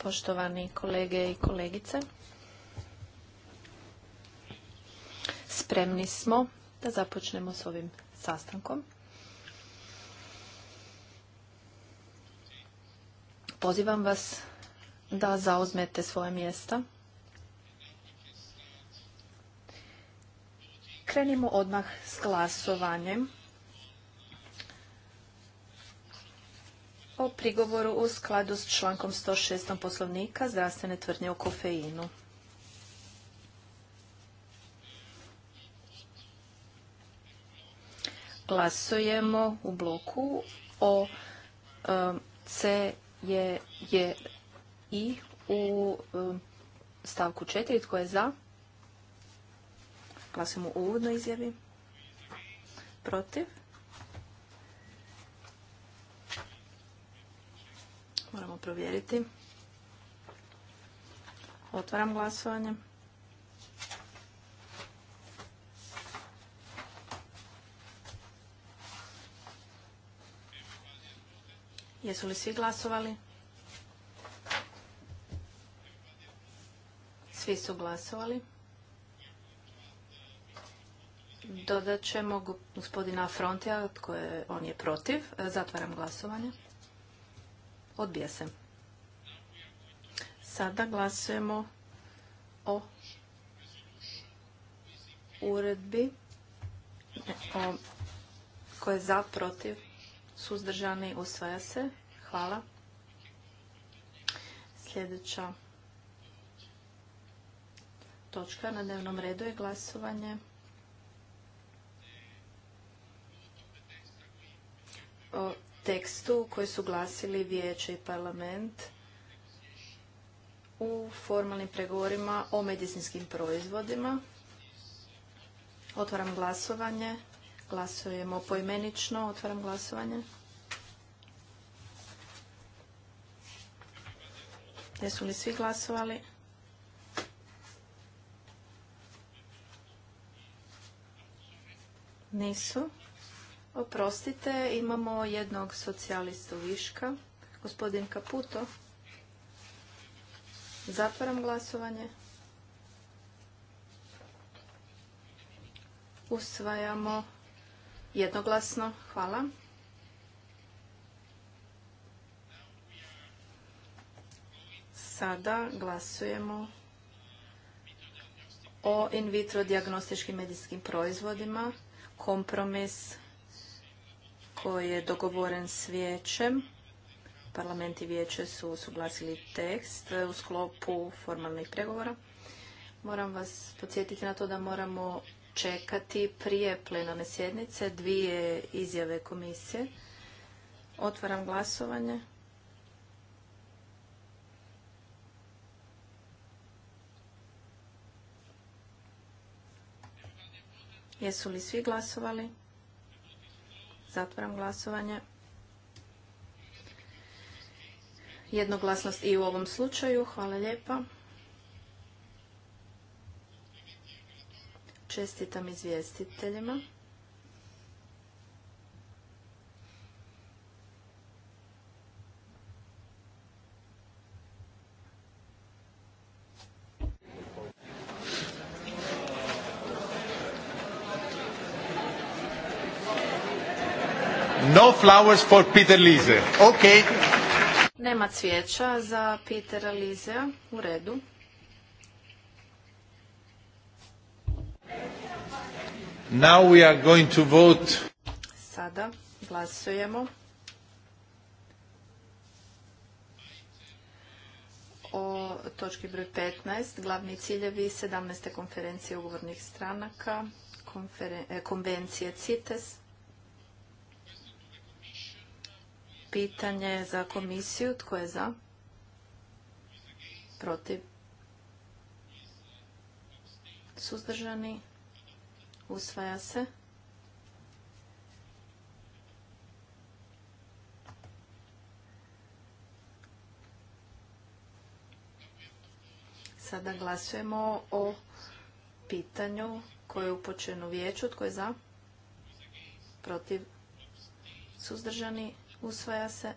Poštovani kolege i kolegice, spremni smo da započnemo s ovim sastankom. Pozivam vas da zauzmete svoje mjesta. Krenimo odmah s glasovanjem. o prigovoru u skladu s člankom 106. poslovnika zdravstvene tvrdnje o kofeinu. Glasujemo u bloku o um, C, je, i u um, stavku 4. Tko je za? Glasujemo u uvodnoj izjavi. Protiv? Moramo provjeriti. Otvaram glasovanje. Jesu li svi glasovali? Svi su glasovali. Dodat ćemo gospodina koje on je protiv. Zatvaram glasovanje. Odbija se. Sada glasujemo o uredbi koja koje je za, protiv, suzdržani, usvaja se. Hvala. Sljedeća točka na dnevnom redu je glasovanje. O tekstu koji su glasili vijeće i parlament u formalnim pregovorima o medicinskim proizvodima. Otvaram glasovanje. Glasujemo poimenično. Otvaram glasovanje. Jesu li svi glasovali? Nisu. Oprostite, imamo jednog socijalistu viška. Gospodin Kaputo. Zatvaram glasovanje. Usvajamo jednoglasno. Hvala. Sada glasujemo o in vitro diagnostičkim medijskim proizvodima. Kompromis koji je dogovoren s vijećem. Parlament i vijeće su suglasili tekst u sklopu formalnih pregovora. Moram vas podsjetiti na to da moramo čekati prije plenarne sjednice dvije izjave komisije. Otvaram glasovanje. Jesu li svi glasovali? Zatvaram glasovanje. Jednoglasnost i u ovom slučaju. Hvala lijepa. Čestitam izvjestiteljima. No flowers for Peter Lise. Nema cvijeća za Petera Lizea. U redu. Now we are going to vote. Sada glasujemo o točki broj 15, glavni ciljevi 17. konferencije ugovornih stranaka, e, konvencije CITES, pitanje za komisiju. Tko je za? Protiv? Suzdržani? Usvaja se. Sada glasujemo o pitanju koje je upočeno vijeću. Tko je za? Protiv? Suzdržani? usvaja se.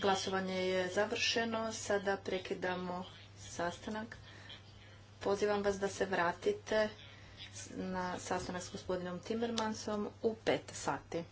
Glasovanje je završeno, sada prekidamo sastanak. Pozivam vas da se vratite na sastanak s gospodinom Timmermansom u pet sati.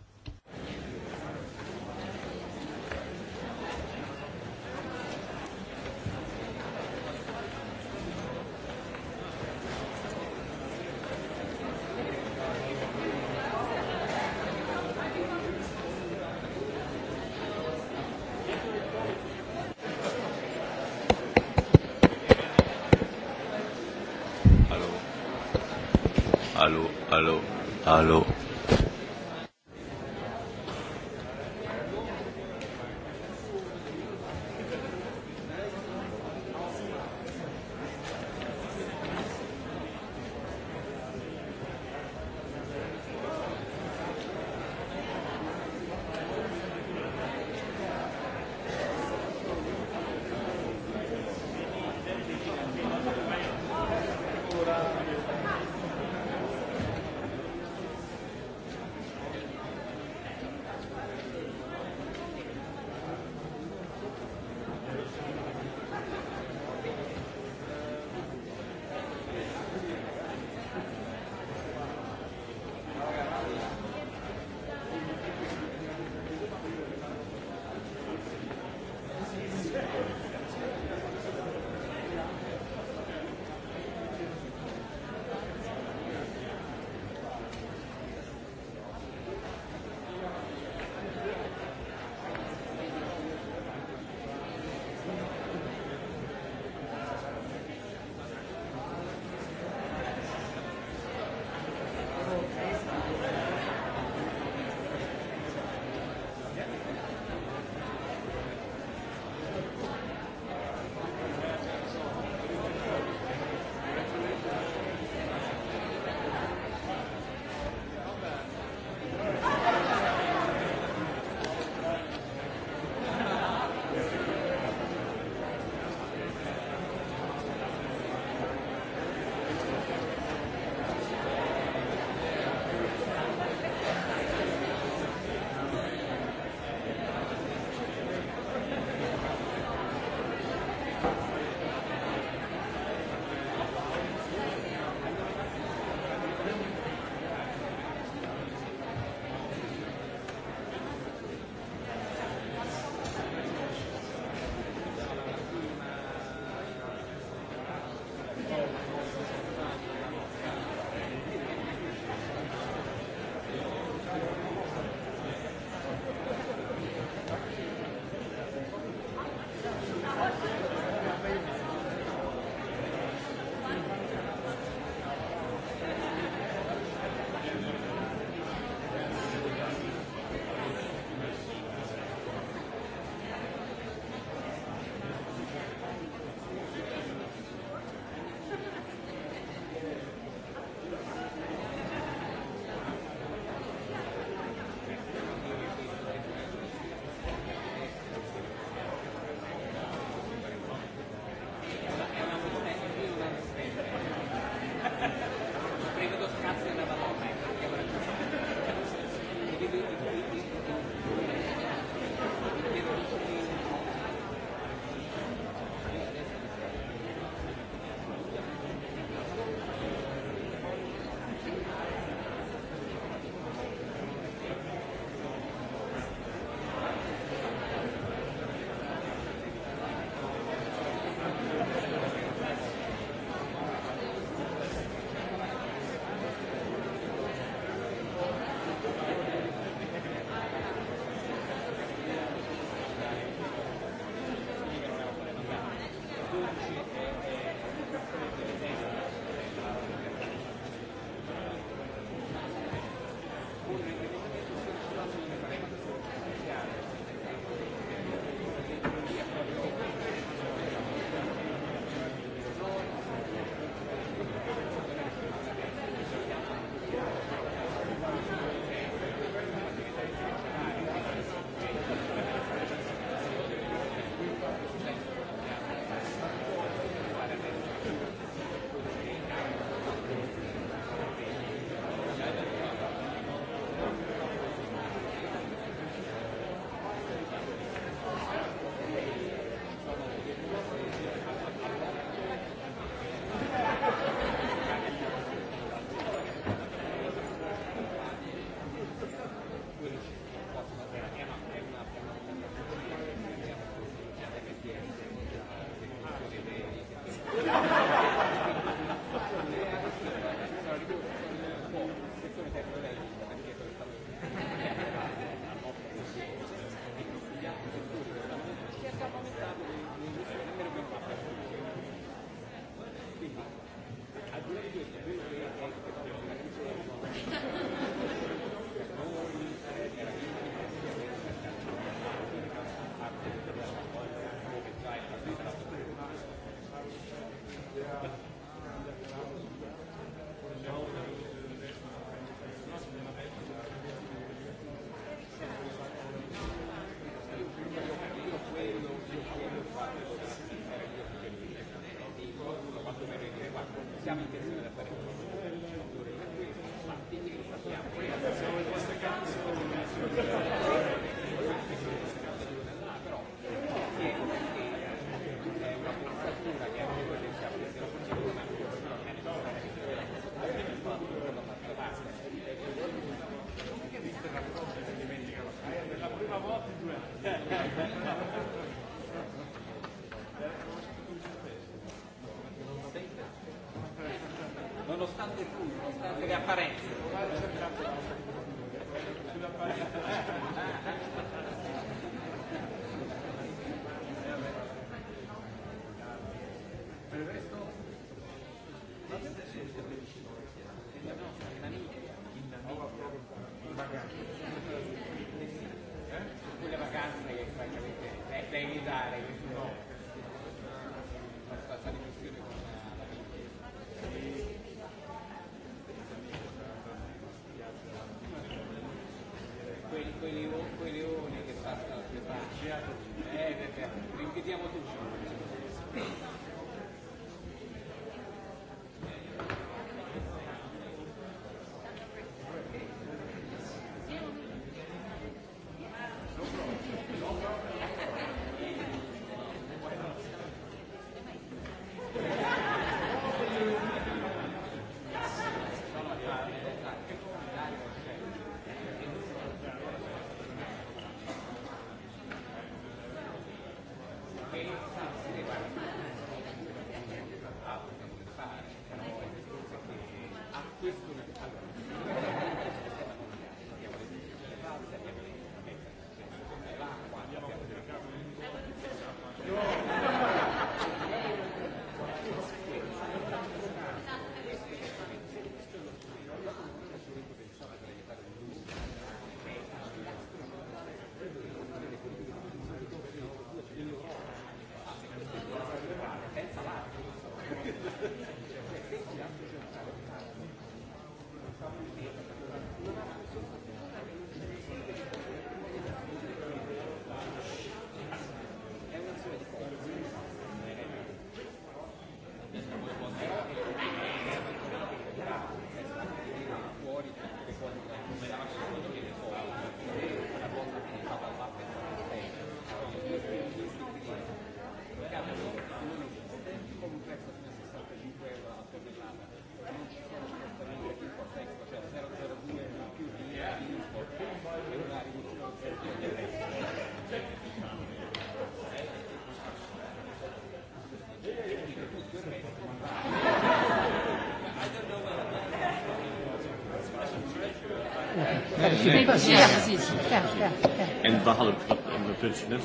En we hadden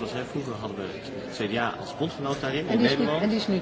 hij vroeger, hadden we CDA als bondgenoot daarin in Nederland. en die is nu.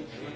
udjela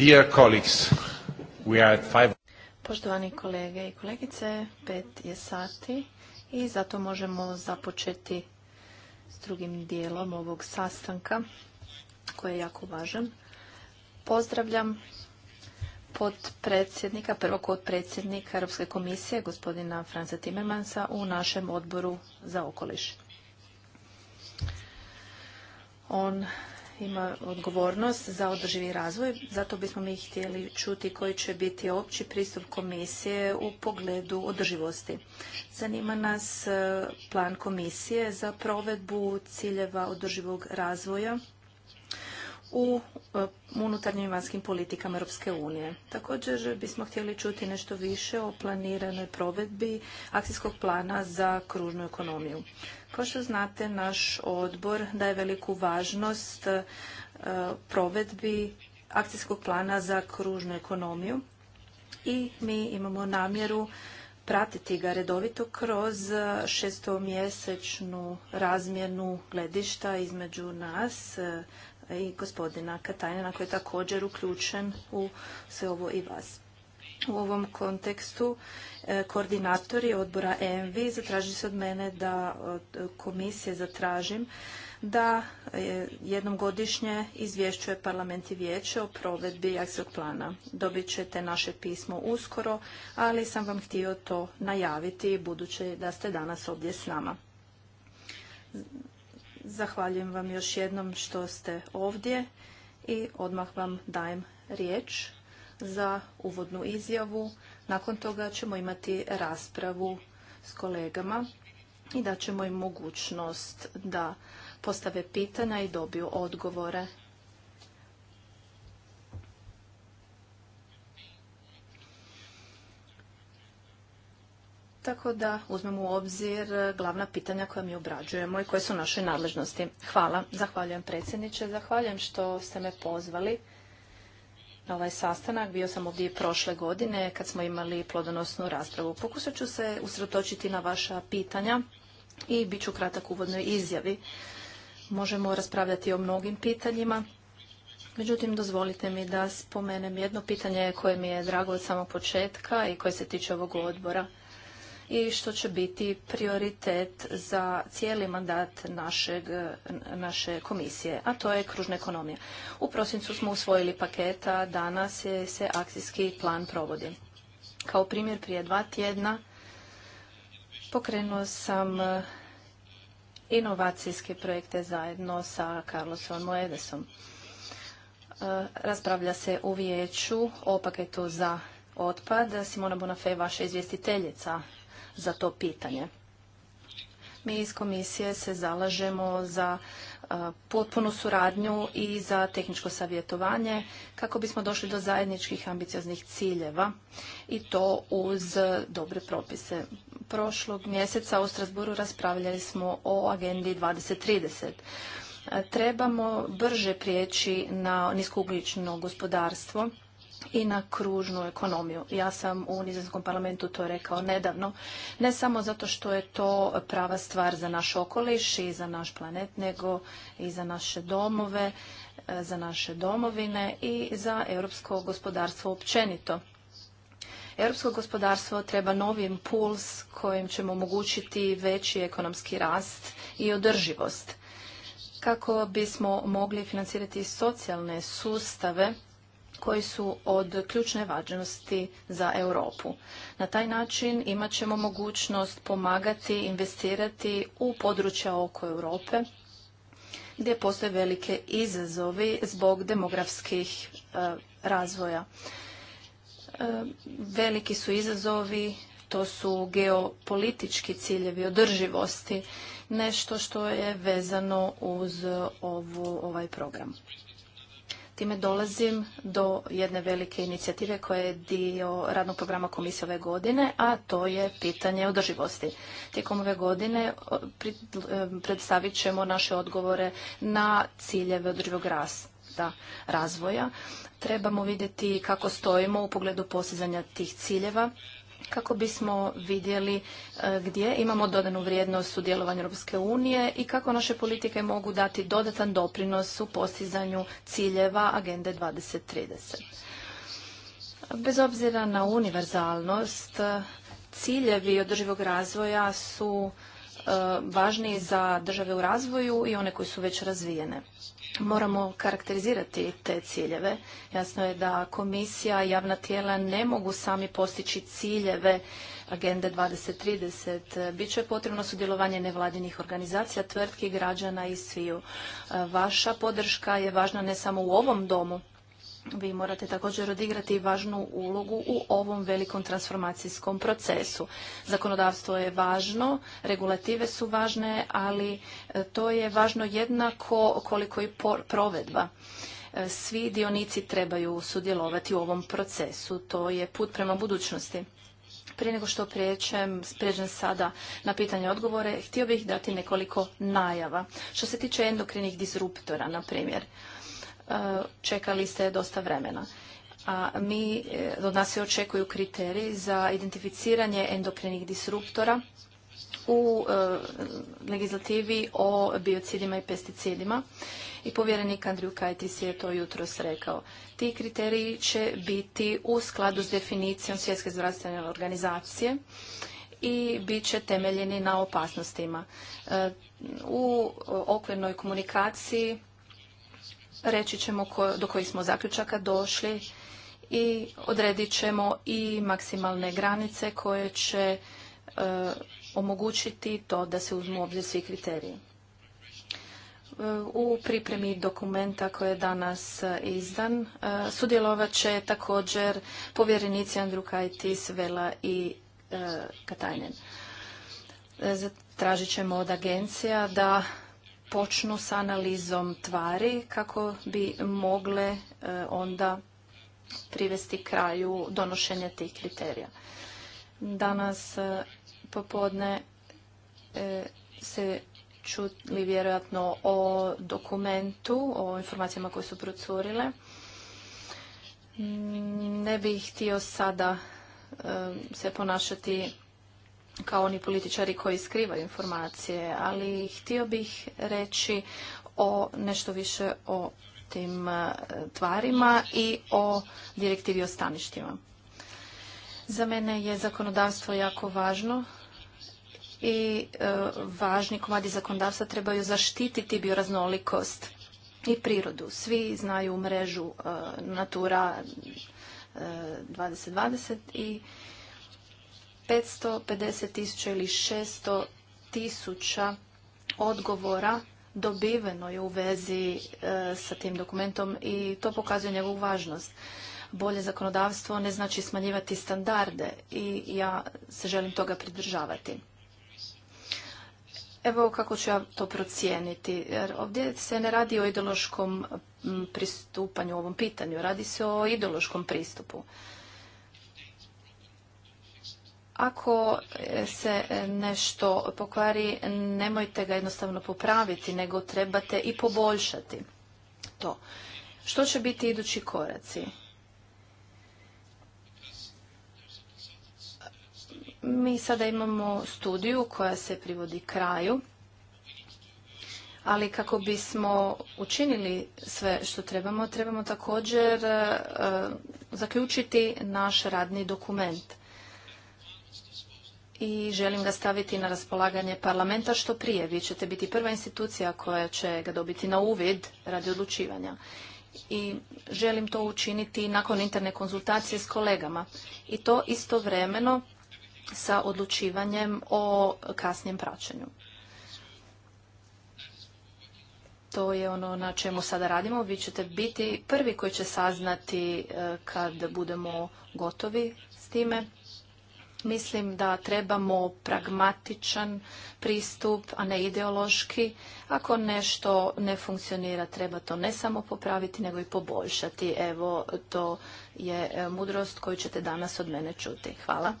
Dear colleagues, we are Poštovani kolege i kolegice, pet je sati i zato možemo započeti s drugim dijelom ovog sastanka koji je jako važan. Pozdravljam potpredsjednika, prvog predsjednika Europske komisije, gospodina Franca Timmermansa, u našem odboru za okoliš. On ima odgovornost za održivi razvoj, zato bismo mi htjeli čuti koji će biti opći pristup komisije u pogledu održivosti. Zanima nas e, plan komisije za provedbu ciljeva održivog razvoja u e, unutarnjim i vanjskim politikama Europske unije. Također bismo htjeli čuti nešto više o planiranoj provedbi akcijskog plana za kružnu ekonomiju. Kao što znate, naš odbor daje veliku važnost e, provedbi akcijskog plana za kružnu ekonomiju i mi imamo namjeru pratiti ga redovito kroz šestomjesečnu razmjenu gledišta između nas, i gospodina Katajnana koji je također uključen u sve ovo i vas. U ovom kontekstu e, koordinatori odbora EMV Zatraži se od mene da od komisije zatražim da e, jednom godišnje izvješćuje parlament i vijeće o provedbi akcijskog plana. Dobit ćete naše pismo uskoro, ali sam vam htio to najaviti budući da ste danas ovdje s nama. Zahvaljujem vam još jednom što ste ovdje i odmah vam dajem riječ za uvodnu izjavu. Nakon toga ćemo imati raspravu s kolegama i daćemo im mogućnost da postave pitanja i dobiju odgovore tako da uzmemo u obzir e, glavna pitanja koja mi obrađujemo i koje su naše nadležnosti. Hvala. Zahvaljujem predsjedniče. Zahvaljujem što ste me pozvali na ovaj sastanak. Bio sam ovdje prošle godine kad smo imali plodonosnu raspravu. Pokusat ću se usredotočiti na vaša pitanja i bit ću kratak uvodnoj izjavi. Možemo raspravljati o mnogim pitanjima. Međutim, dozvolite mi da spomenem jedno pitanje koje mi je drago od samog početka i koje se tiče ovog odbora – i što će biti prioritet za cijeli mandat naše komisije, a to je kružna ekonomija. U prosincu smo usvojili paketa, danas se akcijski plan provodi. Kao primjer prije dva tjedna pokrenuo sam e, inovacijske projekte zajedno sa Carlosom Moedesom. E, raspravlja se u vijeću o paketu za otpad. Simona Bonafé, vaša izvjestiteljica za to pitanje. Mi iz komisije se zalažemo za potpunu suradnju i za tehničko savjetovanje kako bismo došli do zajedničkih ambicioznih ciljeva i to uz dobre propise. Prošlog mjeseca u Strasburu raspravljali smo o agendi 2030 trebamo brže prijeći na niskougljično gospodarstvo i na kružnu ekonomiju. Ja sam u Nizozemskom parlamentu to rekao nedavno, ne samo zato što je to prava stvar za naš okoliš i za naš planet, nego i za naše domove, e, za naše domovine i za europsko gospodarstvo općenito. Europsko gospodarstvo treba novi impuls kojim ćemo omogućiti veći ekonomski rast i održivost. Kako bismo mogli financirati socijalne sustave, koji su od ključne važnosti za Europu. Na taj način imat ćemo mogućnost pomagati, investirati u područja oko Europe gdje postoje velike izazovi zbog demografskih e, razvoja. E, veliki su izazovi, to su geopolitički ciljevi održivosti, nešto što je vezano uz ovaj program. Time dolazim do jedne velike inicijative koja je dio radnog programa komisije ove godine, a to je pitanje održivosti. Tijekom ove godine predstavit ćemo naše odgovore na ciljeve održivog rasta razvoja. Trebamo vidjeti kako stojimo u pogledu postizanja tih ciljeva kako bismo vidjeli e, gdje imamo dodanu vrijednost u djelovanju Europske unije i kako naše politike mogu dati dodatan doprinos u postizanju ciljeva Agende 2030. Bez obzira na univerzalnost, ciljevi održivog razvoja su E, važniji za države u razvoju i one koje su već razvijene. Moramo karakterizirati te ciljeve. Jasno je da komisija i javna tijela ne mogu sami postići ciljeve Agende 2030. Biće potrebno sudjelovanje nevladinih organizacija, tvrtki, građana i sviju. E, vaša podrška je važna ne samo u ovom domu, vi morate također odigrati važnu ulogu u ovom velikom transformacijskom procesu. Zakonodavstvo je važno, regulative su važne, ali e, to je važno jednako koliko i provedba. E, svi dionici trebaju sudjelovati u ovom procesu. To je put prema budućnosti. Prije nego što prijeđem, prijeđem sada na pitanje odgovore, htio bih dati nekoliko najava. Što se tiče endokrinih disruptora, na primjer, čekali ste dosta vremena. A mi, e, od nas se očekuju kriteriji za identificiranje endokrinih disruptora u e, legislativi o biocidima i pesticidima i povjerenik Andriju Kajtis je to jutros rekao. Ti kriteriji će biti u skladu s definicijom Svjetske zdravstvene organizacije i bit će temeljeni na opasnostima. E, u okvirnoj komunikaciji reći ćemo do kojih smo zaključaka došli i odredit ćemo i maksimalne granice koje će e, omogućiti to da se uzmu obzir svi kriteriji. E, u pripremi dokumenta koji je danas e, izdan sudjelovat će također povjerenici Kajtis, Vela i Katajnen. Tražit ćemo od agencija da počnu s analizom tvari kako bi mogle e, onda privesti kraju donošenja tih kriterija. Danas e, popodne e, se čuli vjerojatno o dokumentu, o informacijama koje su procurile. Ne bih htio sada se ponašati kao oni političari koji skrivaju informacije, ali htio bih reći o nešto više o tim e, tvarima i o direktivi o staništima. Za mene je zakonodavstvo jako važno i e, važni komadi zakonodavstva trebaju zaštititi bioraznolikost i prirodu. Svi znaju mrežu e, Natura e, 2020 i 550 tisuća ili 600 tisuća odgovora dobiveno je u vezi e, sa tim dokumentom i to pokazuje njegovu važnost. Bolje zakonodavstvo ne znači smanjivati standarde i ja se želim toga pridržavati. Evo kako ću ja to procijeniti. Jer ovdje se ne radi o ideološkom pristupanju ovom pitanju, radi se o ideološkom pristupu. Ako e, se e, nešto pokvari, nemojte ga jednostavno popraviti, nego trebate i poboljšati to. Što će biti idući koraci? Mi sada imamo studiju koja se privodi kraju, ali kako bismo učinili sve što trebamo, trebamo također e, zaključiti naš radni dokument i želim ga staviti na raspolaganje parlamenta što prije. Vi ćete biti prva institucija koja će ga dobiti na uvid radi odlučivanja. I želim to učiniti nakon interne konzultacije s kolegama. I to istovremeno sa odlučivanjem o kasnijem praćenju. To je ono na čemu sada radimo. Vi ćete biti prvi koji će saznati eh, kad budemo gotovi s time Mislim da trebamo pragmatičan pristup, a ne ideološki. Ako nešto ne funkcionira, treba to ne samo popraviti, nego i poboljšati. Evo, to je e, mudrost koju ćete danas od mene čuti. Hvala.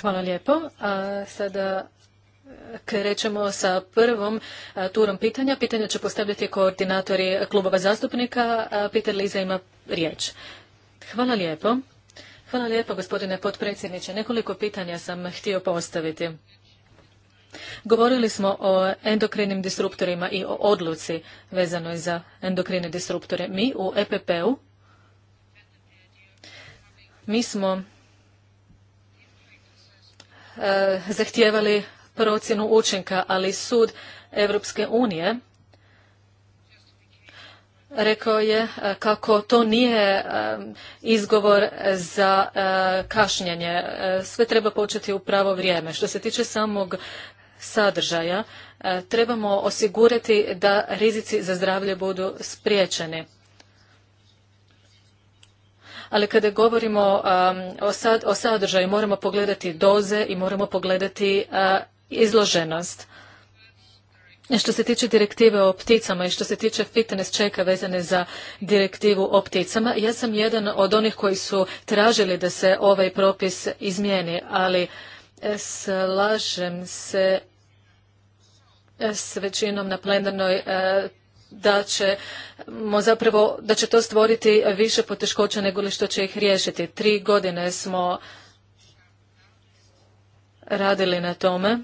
Hvala lijepo. A sada e, krećemo sa prvom e, turom pitanja. Pitanje će postavljati koordinatori klubova zastupnika. Peter Liza ima riječ. Hvala lijepo. Hvala lijepo, gospodine potpredsjedniče. Nekoliko pitanja sam htio postaviti. Govorili smo o endokrinim disruptorima i o odluci vezanoj za endokrine disruptore. Mi u EPP-u, mi smo eh, zahtijevali procjenu učinka, ali sud Europske unije rekao je e, kako to nije e, izgovor za e, kašnjenje. Sve treba početi u pravo vrijeme. Što se tiče samog sadržaja, trebamo osigurati da rizici za zdravlje budu spriječeni. Ali kada govorimo o sadržaju, moramo pogledati doze i moramo pogledati izloženost. Što se tiče direktive o pticama i što se tiče fitness čeka vezane za direktivu o pticama, ja sam jedan od onih koji su tražili da se ovaj propis izmijeni, ali e, slažem se e, s većinom na plenarnoj e, da zapravo, da će to stvoriti više poteškoća nego li što će ih riješiti. Tri godine smo radili na tome.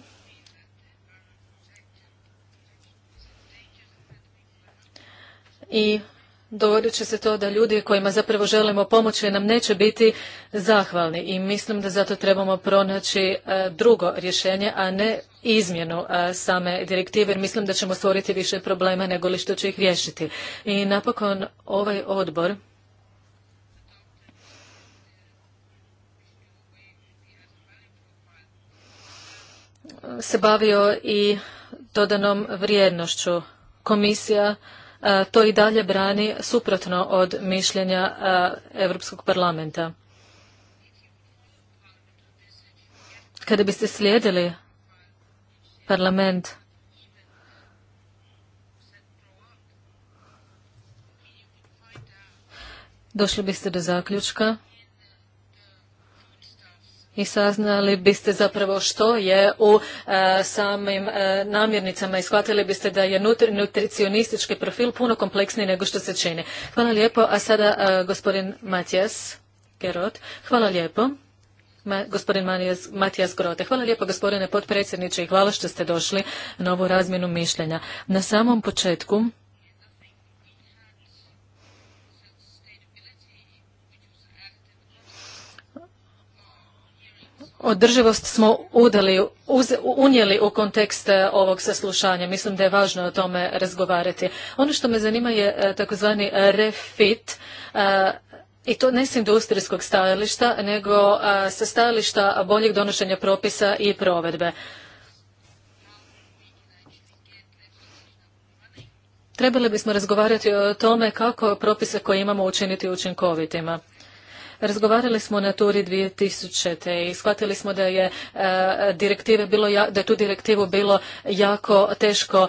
i dogodit će se to da ljudi kojima zapravo želimo pomoći nam neće biti zahvalni i mislim da zato trebamo pronaći e, drugo rješenje, a ne izmjenu e, same direktive jer mislim da ćemo stvoriti više problema nego li što će ih riješiti. I napokon ovaj odbor se bavio i dodanom vrijednošću. Komisija to i dalje brani suprotno od mišljenja Europskog parlamenta. Kada biste slijedili parlament, došli biste do zaključka i saznali biste zapravo što je u e, samim e, namirnicama i shvatili biste da je nutricionistički profil puno kompleksniji nego što se čini. Hvala lijepo, a sada e, gospodin Matijas Gerot. Hvala lijepo. Ma, gospodin Matijas Grote. Hvala lijepo gospodine potpredsjedniče i hvala što ste došli na ovu razmjenu mišljenja. Na samom početku održivost smo udali, uz, unijeli u kontekst e, ovog saslušanja. Mislim da je važno o tome razgovarati. Ono što me zanima je e, takozvani refit e, i to ne s industrijskog stajališta, nego sa stajališta boljeg donošenja propisa i provedbe. Trebali bismo razgovarati o tome kako propise koje imamo učiniti učinkovitima. Razgovarali smo o Naturi 2000. i shvatili smo da je e, direktive bilo, da je tu direktivu bilo jako teško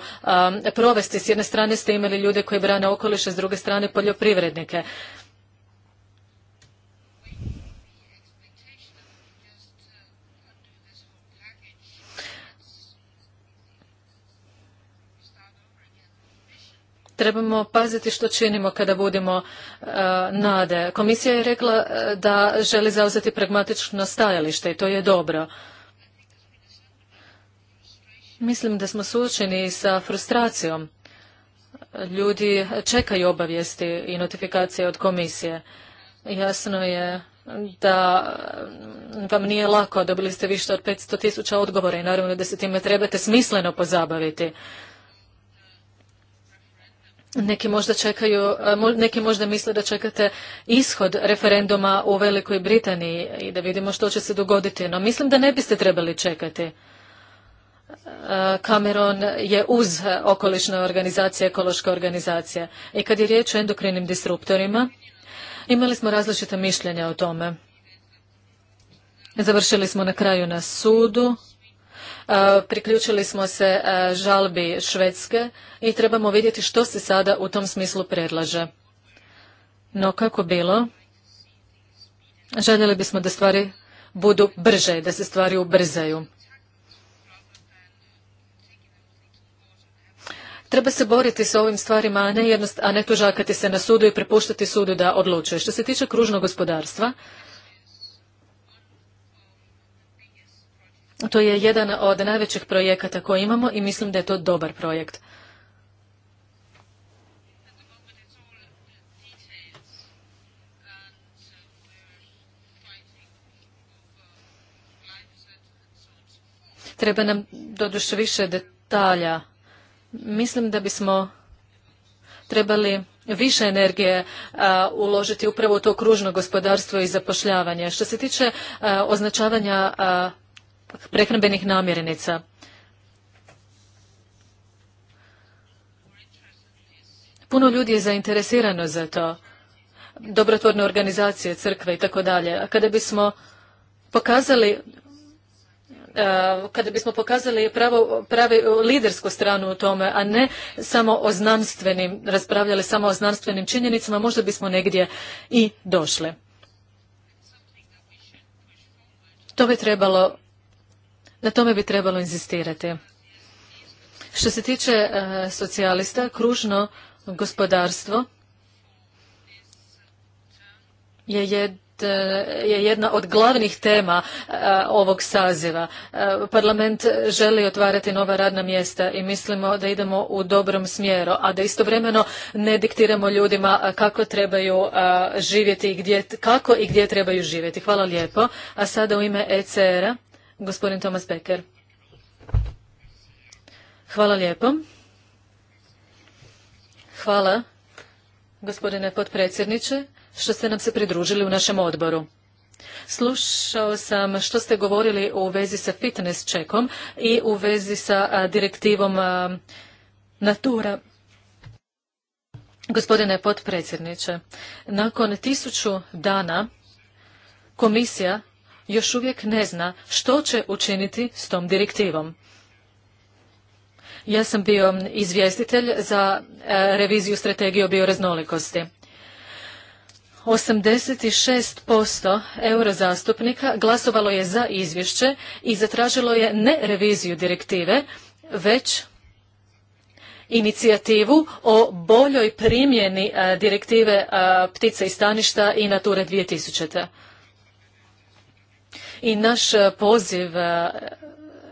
e, provesti. S jedne strane ste imali ljude koji brane okoliše, s druge strane poljoprivrednike. Trebamo paziti što činimo kada budimo e, nade. Komisija je rekla e, da želi zauzeti pragmatično stajalište i to je dobro. Mislim da smo suočeni sa frustracijom. Ljudi čekaju obavijesti i notifikacije od komisije. Jasno je da vam nije lako, dobili ste više od 500.000 odgovora i naravno da se time trebate smisleno pozabaviti neki možda čekaju, e, neki možda misle da čekate ishod referenduma u Velikoj Britaniji i da vidimo što će se dogoditi, no mislim da ne biste trebali čekati. E, Cameron je uz okolišne organizacije, ekološka organizacija. I kad je riječ o endokrinim disruptorima, imali smo različita mišljenja o tome. Završili smo na kraju na sudu E, priključili smo se e, žalbi Švedske i trebamo vidjeti što se sada u tom smislu predlaže. No kako bilo, željeli bismo da stvari budu brže, da se stvari ubrzaju. Treba se boriti s ovim stvarima, a ne, a ne tužakati se na sudu i prepuštati sudu da odlučuje. Što se tiče kružnog gospodarstva, To je jedan od najvećih projekata koje imamo i mislim da je to dobar projekt. Treba nam doduše više detalja. Mislim da bismo trebali više energije uložiti upravo u to kružno gospodarstvo i zapošljavanje. Što se tiče označavanja prehrambenih namjerenica. Puno ljudi je zainteresirano za to, dobrotvorne organizacije, crkve i tako dalje. A kada bismo pokazali e, kada bismo pokazali pravo, pravi lidersku stranu u tome, a ne samo o znanstvenim, raspravljali samo o znanstvenim činjenicama, možda bismo negdje i došli. To bi trebalo na tome bi trebalo inzistirati. Što se tiče e, socijalista, kružno gospodarstvo je e, je jedna od glavnih tema e, ovog saziva. parlament želi otvarati nova radna mjesta i mislimo da idemo u dobrom smjeru, a da istovremeno ne diktiramo ljudima kako trebaju živjeti i gdje, kako i gdje trebaju živjeti. Hvala lijepo. A sada u ime ECR-a Gospodin Thomas Becker. Hvala lijepo. Hvala, gospodine potpredsjedniče, što ste nam se pridružili u našem odboru. Slušao sam što ste govorili u vezi sa fitness čekom i u vezi sa direktivom Natura. Gospodine potpredsjedniče, nakon tisuću dana komisija još uvijek ne zna što će učiniti s tom direktivom. Ja sam bio izvjestitelj za e, reviziju strategije o bioraznolikosti. 86% eurozastupnika glasovalo je za izvješće i zatražilo je ne reviziju direktive, već inicijativu o boljoj primjeni e, direktive e, ptica i staništa i Nature 2000 i naš e, poziv e,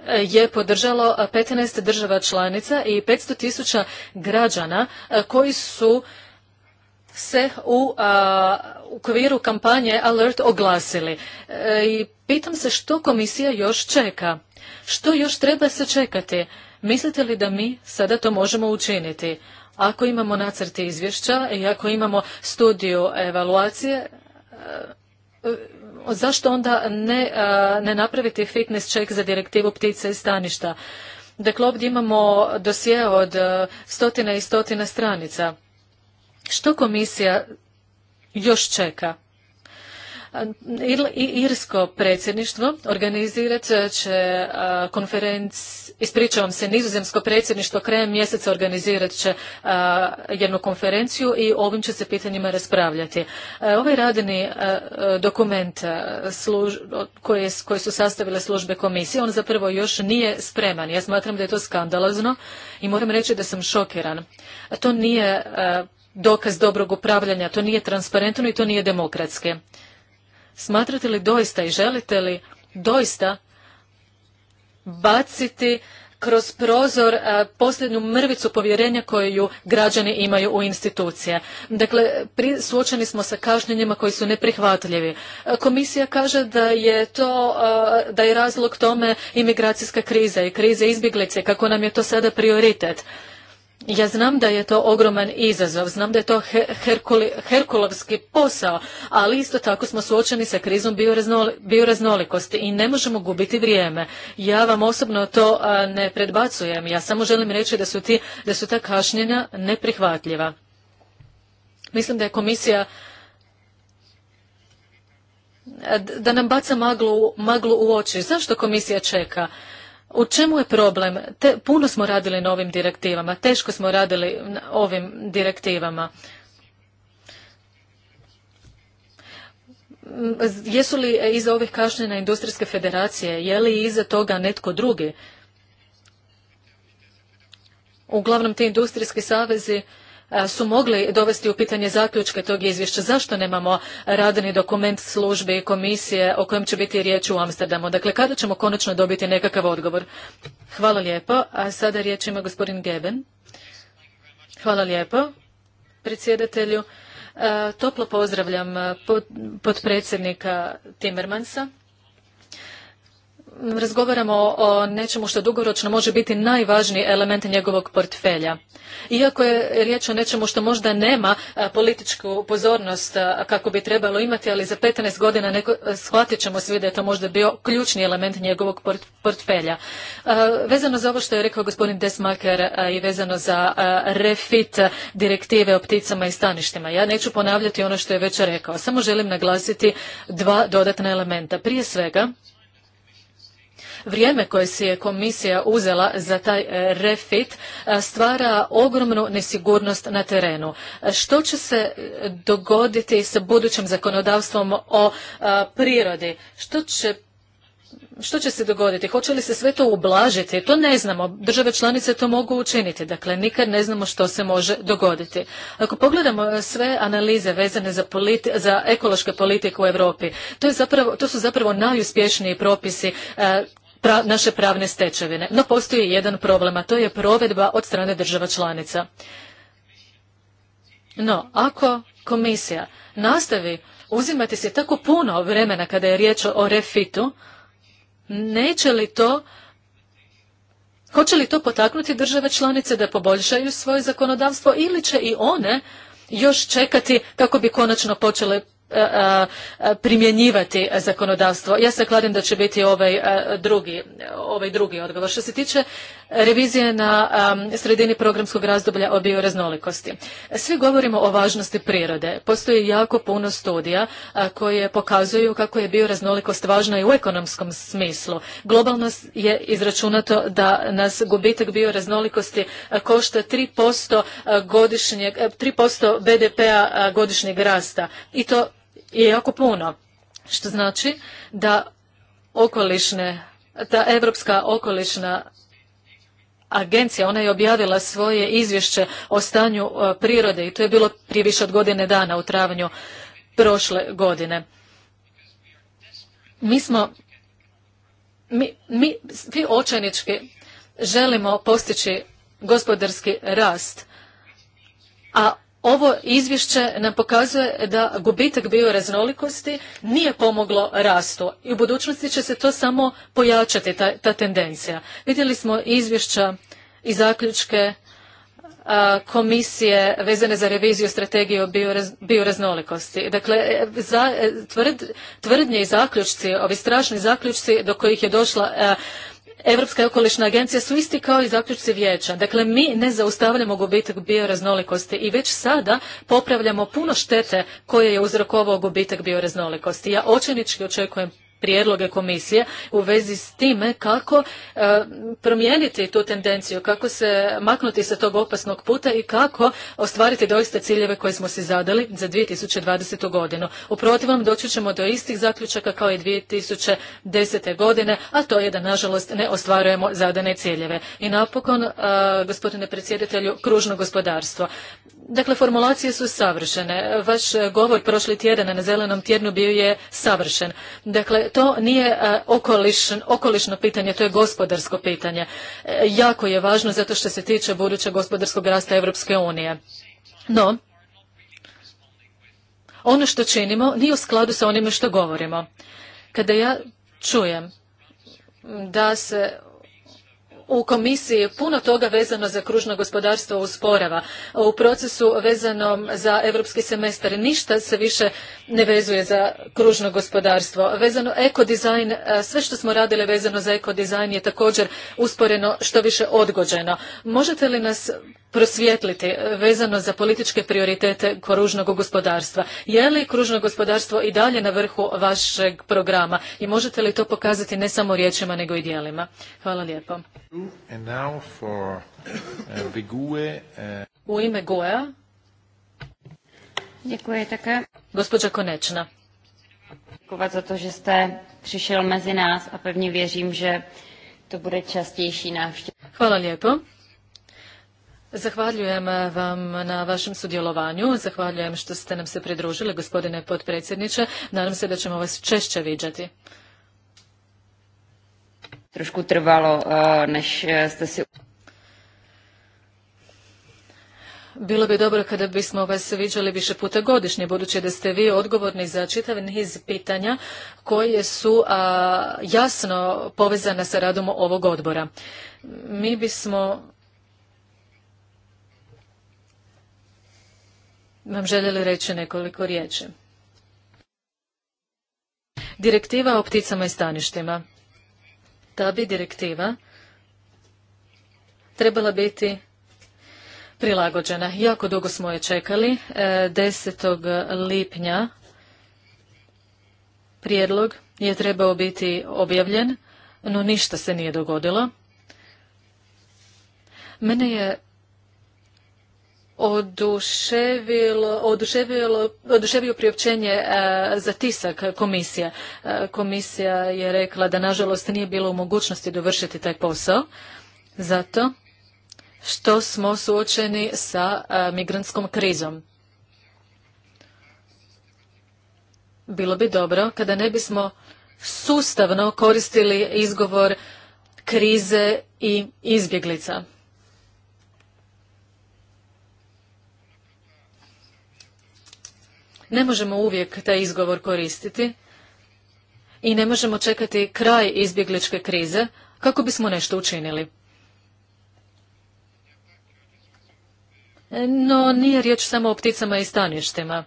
je podržalo 15 e, država članica i 500 tisuća građana koji su se u okviru kampanje Alert oglasili. I pitam se što komisija još čeka? Što još treba se čekati? Mislite li da mi sada to možemo učiniti? Ako imamo nacrte izvješća i ako imamo studiju evaluacije, zašto onda e, ne, napraviti fitness check za direktivu ptice i staništa? Dakle, ovdje imamo dosije od e, stotina i stotina stranica. Što komisija još čeka? Irsko predsjedništvo organizirat će konferenciju, ispričavam se, nizozemsko predsjedništvo krajem mjeseca organizirat će jednu konferenciju i ovim će se pitanjima raspravljati. Ovaj radeni dokument koji koje, su sastavile službe komisije, on zapravo još nije spreman. Ja smatram da je to skandalozno i moram reći da sam šokiran. To nije dokaz dobrog upravljanja, to nije transparentno i to nije demokratski. Smatrate li doista i želite li doista baciti kroz prozor e, posljednju mrvicu povjerenja koju građani imaju u institucije. Dakle, suočeni smo sa kašnjenjima koji su neprihvatljivi. E, komisija kaže da je to, e, da je razlog tome imigracijska kriza i krize izbjeglice, kako nam je to sada prioritet ja znam da je to ogroman izazov, znam da je to herkulovski posao, ali isto tako smo suočeni sa krizom bioraznolikosti i ne možemo gubiti vrijeme. Ja vam osobno to ne predbacujem, ja samo želim reći da su, ta kašnjenja neprihvatljiva. Mislim da je komisija da nam baca maglu, maglu u oči. Zašto komisija čeka? U čemu je problem? puno smo radili na ovim direktivama, teško smo radili na ovim direktivama. Mm, jesu li iza ovih kašnjena industrijske federacije? Je li iza toga netko drugi? Uglavnom, ti industrijski savezi E, su mogli dovesti u pitanje zaključke tog izvješća. Zašto nemamo radni dokument službe i komisije o kojem će biti riječ u Amsterdamu? Dakle, kada ćemo konačno dobiti nekakav odgovor? Hvala lijepo. A sada riječ ima gospodin Geben. Hvala lijepo, predsjedatelju. E, toplo pozdravljam e, podpredsjednika Timmermansa razgovaramo o nečemu što dugoročno može biti najvažniji element njegovog portfelja. Iako je riječ o nečemu što možda nema političku pozornost kako bi trebalo imati, ali za 15 godina neko, shvatit ćemo svi da je to možda bio ključni element njegovog portfelja. Vezano za ovo što je rekao gospodin Desmaker i vezano za refit direktive o pticama i staništima. Ja neću ponavljati ono što je već rekao. Samo želim naglasiti dva dodatna elementa. Prije svega, vrijeme koje si je komisija uzela za taj e, refit e, stvara ogromnu nesigurnost na terenu. E, što će se dogoditi sa budućim zakonodavstvom o prirodi? Što će što će se dogoditi? Hoće li se sve to ublažiti? To ne znamo. Države članice to mogu učiniti. Dakle, nikad ne znamo što se može dogoditi. Ako pogledamo sve analize vezane za, za ekološke politike u Europi, to, je zapravo, to su zapravo najuspješniji propisi naše pravne stečevine. No postoji jedan problem, a to je provedba od strane država članica. No, ako komisija nastavi uzimati se tako puno vremena kada je riječ o refitu, neće li to Hoće li to potaknuti države članice da poboljšaju svoje zakonodavstvo ili će i one još čekati kako bi konačno počele E, e, primjenjivati zakonodavstvo. Ja se kladim da će biti ovaj e, drugi, ovaj drugi odgovor. Što se tiče revizije na sredini programskog razdoblja o bioraznolikosti. Svi govorimo o važnosti prirode. Postoji jako puno studija koje pokazuju kako je bioraznolikost važna i u ekonomskom smislu. Globalno je izračunato da nas gubitak bioraznolikosti košta 3% godišnjeg, 3% BDP-a godišnjeg rasta i to je jako puno, što znači da okolišne, ta Europska okolišna agencija, ona je objavila svoje izvješće o stanju e, prirode i to je bilo prije više od godine dana u travnju prošle godine. Mi smo, mi, mi svi očajnički želimo postići gospodarski rast, a ovo izvješće nam pokazuje da gubitak bioraznolikosti nije pomoglo rastu i u budućnosti će se to samo pojačati, ta, tendencija. Vidjeli smo izvješća i zaključke komisije vezane za reviziju strategije o bioraznolikosti. Dakle, e, za, e, tvrdnje i zaključci, ovi strašni zaključci do kojih je došla e, Europska okolišna agencija su isti kao i zaključci vijeća. Dakle, mi ne zaustavljamo gubitak bioraznolikosti i već sada popravljamo puno štete koje je uzrokovao gubitak bioraznolikosti. Ja očenički očekujem prijedloge komisije u vezi s time kako e, promijeniti tu tendenciju, kako se maknuti sa tog opasnog puta i kako ostvariti doista ciljeve koje smo si zadali za 2020. godinu. U protivom doći ćemo do istih zaključaka kao i 2010. godine, a to je da nažalost ne ostvarujemo zadane ciljeve. I napokon, e, gospodine predsjedatelju, kružno gospodarstvo. Dakle, formulacije su savršene. Vaš govor prošli tjedan na zelenom tjednu bio je savršen. Dakle, to nije e, okolišno pitanje, to je gospodarsko pitanje. E, jako je važno zato što se tiče budućeg gospodarskog rasta Europske unije. No, ono što činimo nije u skladu sa onime što govorimo. Kada ja čujem da se u komisiji puno toga vezano za kružno gospodarstvo usporava. U procesu vezanom za europski semestar ništa se više ne vezuje za kružno gospodarstvo. Vezano ekodizajn, e, sve što smo radili vezano za ekodizajn je također usporeno što više odgođeno. Možete li nas prosvijetliti e, vezano za političke prioritete kružnog gospodarstva. Je li kružno gospodarstvo i dalje na vrhu vašeg programa i možete li to pokazati ne samo riječima nego i dijelima? Hvala lijepo. Uh, e, uh, U ime Goja. Gospođa Konečna. za to, že ste přišel mezi nás a pevně věřím, že to bude častější návštěva. Hvala lijepo. Zahvaljujem eh, vam na vašem sudjelovanju. Zahvaljujem što ste nam se pridružili, gospodine potpredsjedniče. Nadam se da ćemo vas češće viđati. Trošku trvalo eh, eh, Bilo bi dobro kada bismo vas viđali više puta godišnje, budući da ste vi odgovorni za čitav niz pitanja koje su jasno povezana sa radom ovog odbora. Mi bismo nam željeli reći nekoliko riječi. Direktiva o pticama i staništima. Ta bi direktiva trebala biti prilagođena. Jako dugo smo je čekali. 10. E, lipnja prijedlog je trebao biti objavljen, no ništa se nije dogodilo. Mene je oduševio priopćenje e, za tisak komisija. E, komisija je rekla da nažalost nije bilo u mogućnosti dovršiti taj posao, zato što smo suočeni sa migranskom e, migrantskom krizom. Bilo bi dobro kada ne bismo sustavno koristili izgovor krize i izbjeglica. Ne možemo uvijek taj izgovor koristiti i ne možemo čekati kraj izbjegličke krize kako bismo nešto učinili. No, nije riječ samo o pticama i staništima.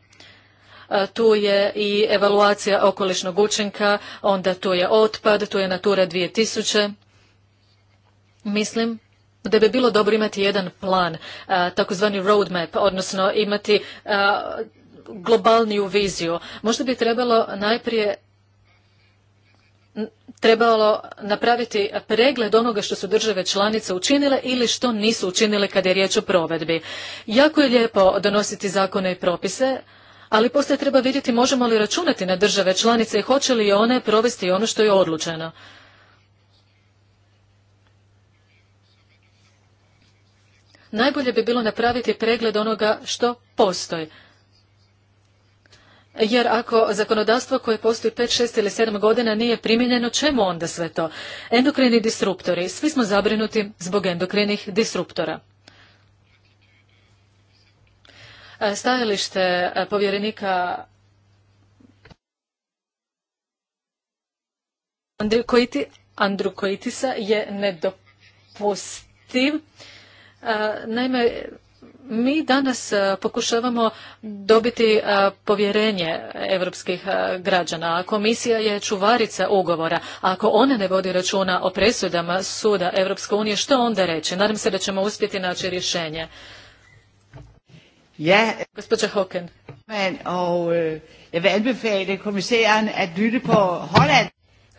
Tu je i evaluacija okolišnog učinka, onda tu je otpad, tu je Natura 2000. Mislim da bi bilo dobro imati jedan plan, takozvani roadmap, odnosno imati globalniju viziju. Možda bi trebalo najprije trebalo napraviti pregled onoga što su države članice učinile ili što nisu učinile kada je riječ o provedbi. Jako je lijepo donositi zakone i propise, ali poslije treba vidjeti možemo li računati na države članice i hoće li one provesti ono što je odlučeno. Najbolje bi bilo napraviti pregled onoga što postoji jer ako zakonodavstvo koje postoji 5, 6 ili 7 godina nije primijenjeno, čemu onda sve to? Endokrini disruptori. Svi smo zabrinuti zbog endokrinih disruptora. E, stajalište e, povjerenika Andrukoitisa je nedopustiv. E, naime, mi danas e, pokušavamo dobiti e, povjerenje europskih e, građana. Komisija je čuvarica ugovora. Ako ona ne vodi računa o presudama suda Europske unije, što onda reći? Nadam se da ćemo uspjeti naći rješenje. Ja, gospođa Hoken. Øh,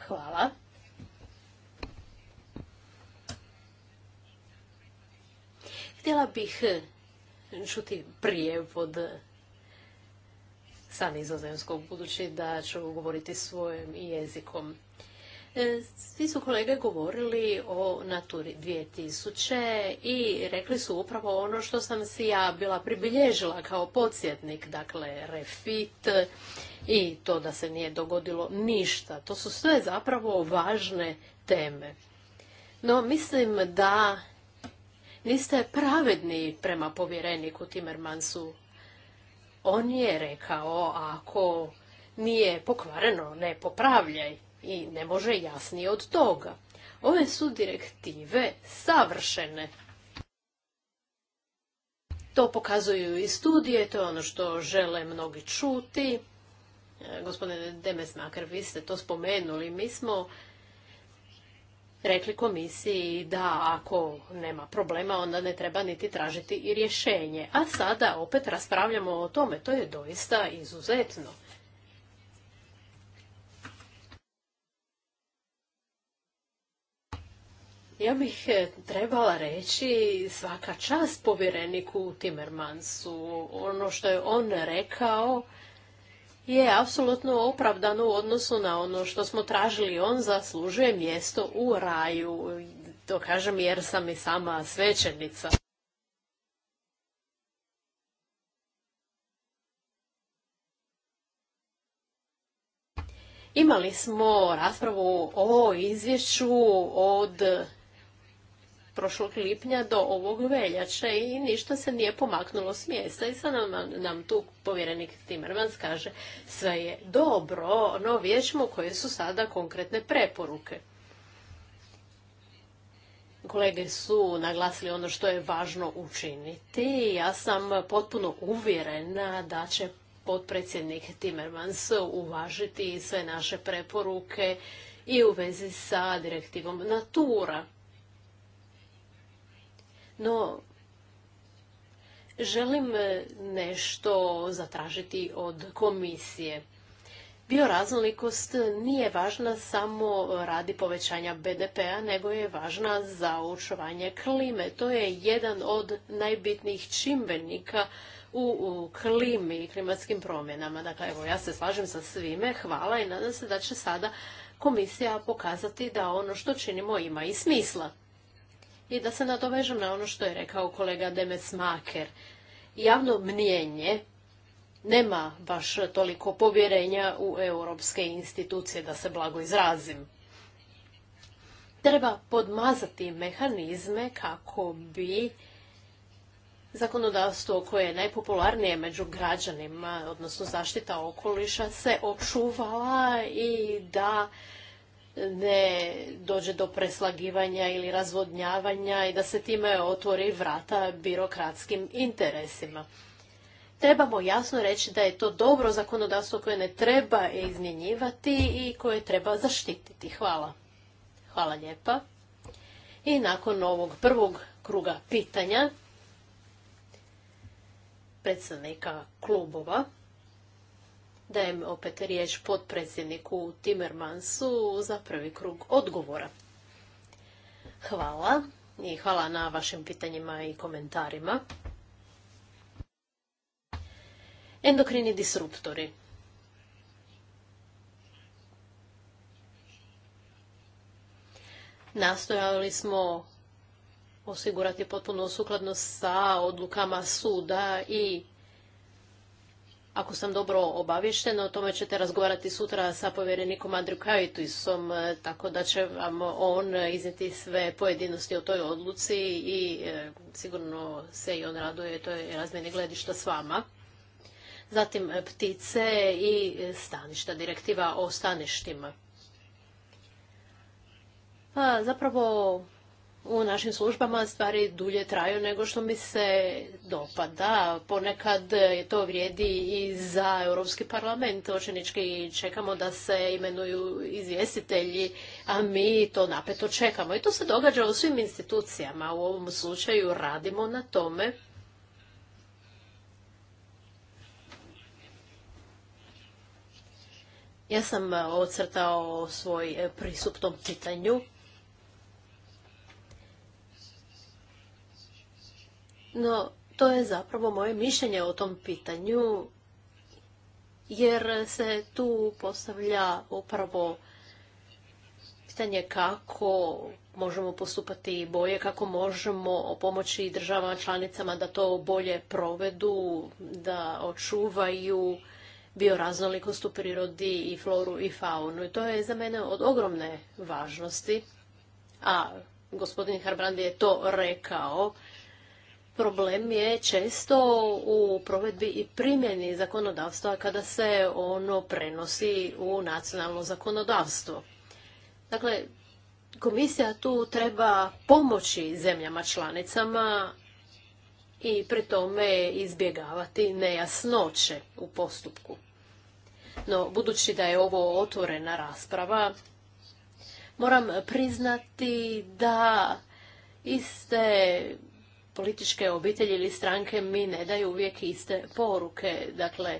Hvala. Htjela bih čuti prijevod sa nizozemskog, budući da ću govoriti svojim jezikom. E, svi su kolege govorili o Naturi 2000 i rekli su upravo ono što sam si ja bila pribilježila kao podsjetnik, dakle refit i to da se nije dogodilo ništa. To su sve zapravo važne teme. No mislim da vi pravedni prema povjereniku Timmermansu. On je rekao, ako nije pokvareno, ne popravljaj i ne može jasnije od toga. Ove su direktive savršene. To pokazuju i studije, to je ono što žele mnogi čuti. E, gospodine Demesmaker, vi ste to spomenuli. Mi smo rekli komisiji da ako nema problema onda ne treba niti tražiti i rješenje. A sada opet raspravljamo o tome. To je doista izuzetno. Ja bih e, trebala reći svaka čast povjereniku Timmermansu. Ono što je on rekao je apsolutno opravdano u odnosu na ono što smo tražili. On zaslužuje mjesto u raju, to kažem jer sam i sama svećenica. Imali smo raspravu o izvješću od prošlog lipnja do ovog veljače i ništa se nije pomaknulo s mjesta. I sad nam, tu povjerenik Timmermans kaže sve je dobro, no ćemo koje su sada konkretne preporuke. Kolege su naglasili ono što je važno učiniti. Ja sam potpuno uvjerena da će potpredsjednik Timmermans uvažiti sve naše preporuke i u vezi sa direktivom Natura. No, želim e, nešto zatražiti od komisije. Bioraznolikost nije važna samo radi povećanja BDP-a, nego je važna za očuvanje klime. To je jedan od najbitnijih čimbenika u, klimi i klimatskim promjenama. Dakle, evo, ja se slažem sa svime, hvala i nadam se da će sada komisija pokazati da ono što činimo ima i smisla i da se nadovežem na ono što je rekao kolega Demes Maker. Javno mnijenje nema baš toliko povjerenja u europske institucije da se blago izrazim. Treba podmazati mehanizme kako bi zakonodavstvo koje je najpopularnije među građanima, odnosno zaštita okoliša, se očuvala i da ne dođe do preslagivanja ili razvodnjavanja i da se time otvori vrata birokratskim interesima. Trebamo jasno reći da je to dobro zakonodavstvo koje ne treba izmjenjivati i koje treba zaštititi. Hvala. Hvala lijepa. I nakon ovog prvog kruga pitanja predstavnika klubova Dajem opet riječ potpredsjedniku Timmermansu za prvi krug odgovora. Hvala i hvala na vašim pitanjima i komentarima. Endokrini disruptori. Nastojali smo osigurati potpuno sukladnost sa odlukama suda i ako sam dobro obavještena, o tome ćete razgovarati sutra sa povjerenikom Andriju Kajtusom, e, tako da će vam on izniti sve pojedinosti o toj odluci i e, sigurno se i on raduje toj razmjeni gledišta s vama. Zatim e, ptice i staništa, direktiva o staništima. Pa, zapravo u našim službama stvari dulje traju nego što mi se dopada. Ponekad to vrijedi i za Europski parlament. Očenički čekamo da se imenuju izvjestitelji, a mi to napeto čekamo. I to se događa u svim institucijama. U ovom slučaju radimo na tome Ja sam ocrtao svoj pristup tom pitanju No, to je zapravo moje mišljenje o tom pitanju, jer se tu postavlja upravo pitanje kako možemo postupati bolje, kako možemo pomoći državama članicama da to bolje provedu, da očuvaju bioraznolikost u prirodi i floru i faunu. I to je za mene od ogromne važnosti. A gospodin Harbrandi je to rekao problem je često u provedbi i primjeni zakonodavstva kada se ono prenosi u nacionalno zakonodavstvo. Dakle, komisija tu treba pomoći zemljama članicama i pri tome izbjegavati nejasnoće u postupku. No, budući da je ovo otvorena rasprava, moram priznati da iste političke obitelji ili stranke mi ne daju uvijek iste poruke. Dakle,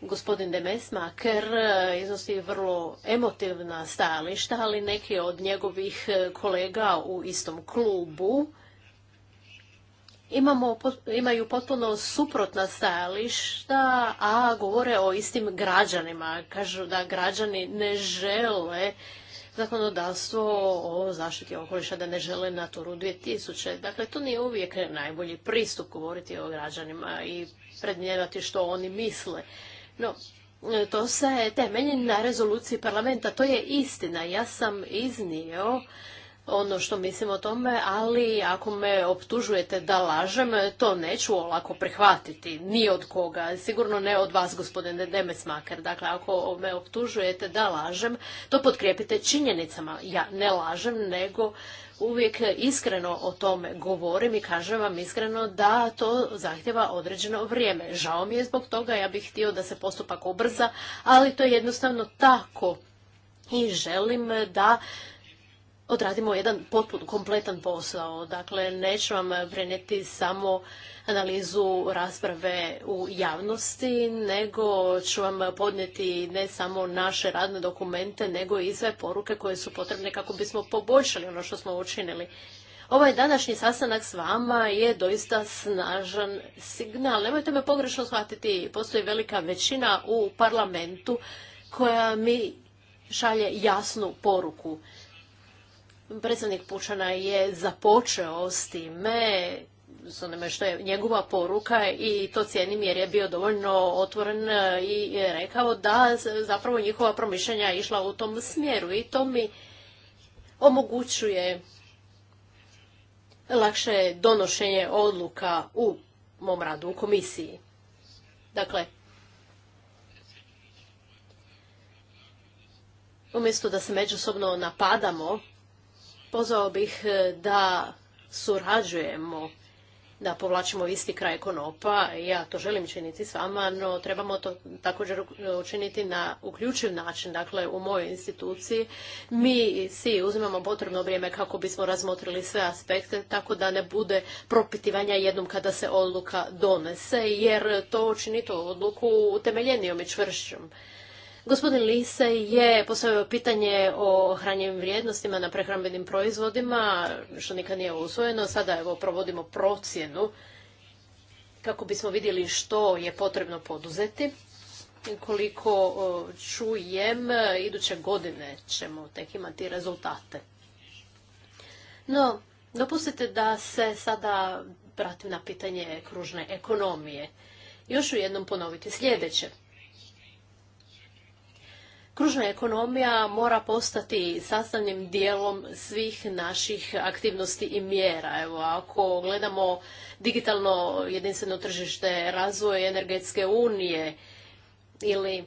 gospodin Demes Maker e, iznosi vrlo emotivna stajališta, ali neki od njegovih e, kolega u istom klubu imamo, imaju potpuno suprotna stajališta, a govore o istim građanima. Kažu da građani ne žele zakonodavstvo o zaštiti okoliša da ne žele Naturu 2000. Dakle, to nije uvijek najbolji pristup govoriti o građanima i predmjerati što oni misle. No, to se temelji na rezoluciji parlamenta. To je istina. Ja sam iznio ono što mislim o tome, ali ako me optužujete da lažem, to neću olako prihvatiti, ni od koga, sigurno ne od vas, gospodine Demesmaker. Dakle, ako me optužujete da lažem, to potkrijepite činjenicama. Ja ne lažem, nego uvijek iskreno o tome govorim i kažem vam iskreno da to zahtjeva određeno vrijeme. Žao mi je zbog toga, ja bih htio da se postupak ubrza, ali to je jednostavno tako i želim da odradimo jedan potpuno kompletan posao. Dakle, neću vam prenijeti samo analizu rasprave u javnosti, nego ću vam podnijeti ne samo naše radne dokumente, nego i sve poruke koje su potrebne kako bismo poboljšali ono što smo učinili. Ovaj današnji sastanak s vama je doista snažan signal. Nemojte me pogrešno shvatiti, postoji velika većina u parlamentu koja mi šalje jasnu poruku. Predsjednik Pučana je započeo s time, s što je njegova poruka i to cijenim jer je bio dovoljno otvoren i rekao da zapravo njihova promišljanja išla u tom smjeru i to mi omogućuje lakše donošenje odluka u mom radu u komisiji. Dakle, umjesto da se međusobno napadamo, Pozvao bih e, da surađujemo, da povlačimo isti kraj konopa. Ja to želim činiti s vama, no trebamo to također učiniti na uključiv način. Dakle, u mojoj instituciji mi si uzimamo potrebno vrijeme kako bismo razmotrili sve aspekte, tako da ne bude propitivanja jednom kada se odluka donese, jer to učiniti to odluku utemeljenijom i čvršćom. Gospodin Lise je postavio pitanje o hranjivim vrijednostima na prehrambenim proizvodima, što nikad nije usvojeno. Sada evo provodimo procjenu kako bismo vidjeli što je potrebno poduzeti. Koliko čujem, iduće godine ćemo tek imati rezultate. No, dopustite da se sada vratim na pitanje kružne ekonomije. Još u jednom ponoviti sljedeće. Kružna ekonomija mora postati sastavnim dijelom svih naših aktivnosti i mjera. Evo, ako gledamo digitalno jedinstveno tržište, razvoj energetske unije ili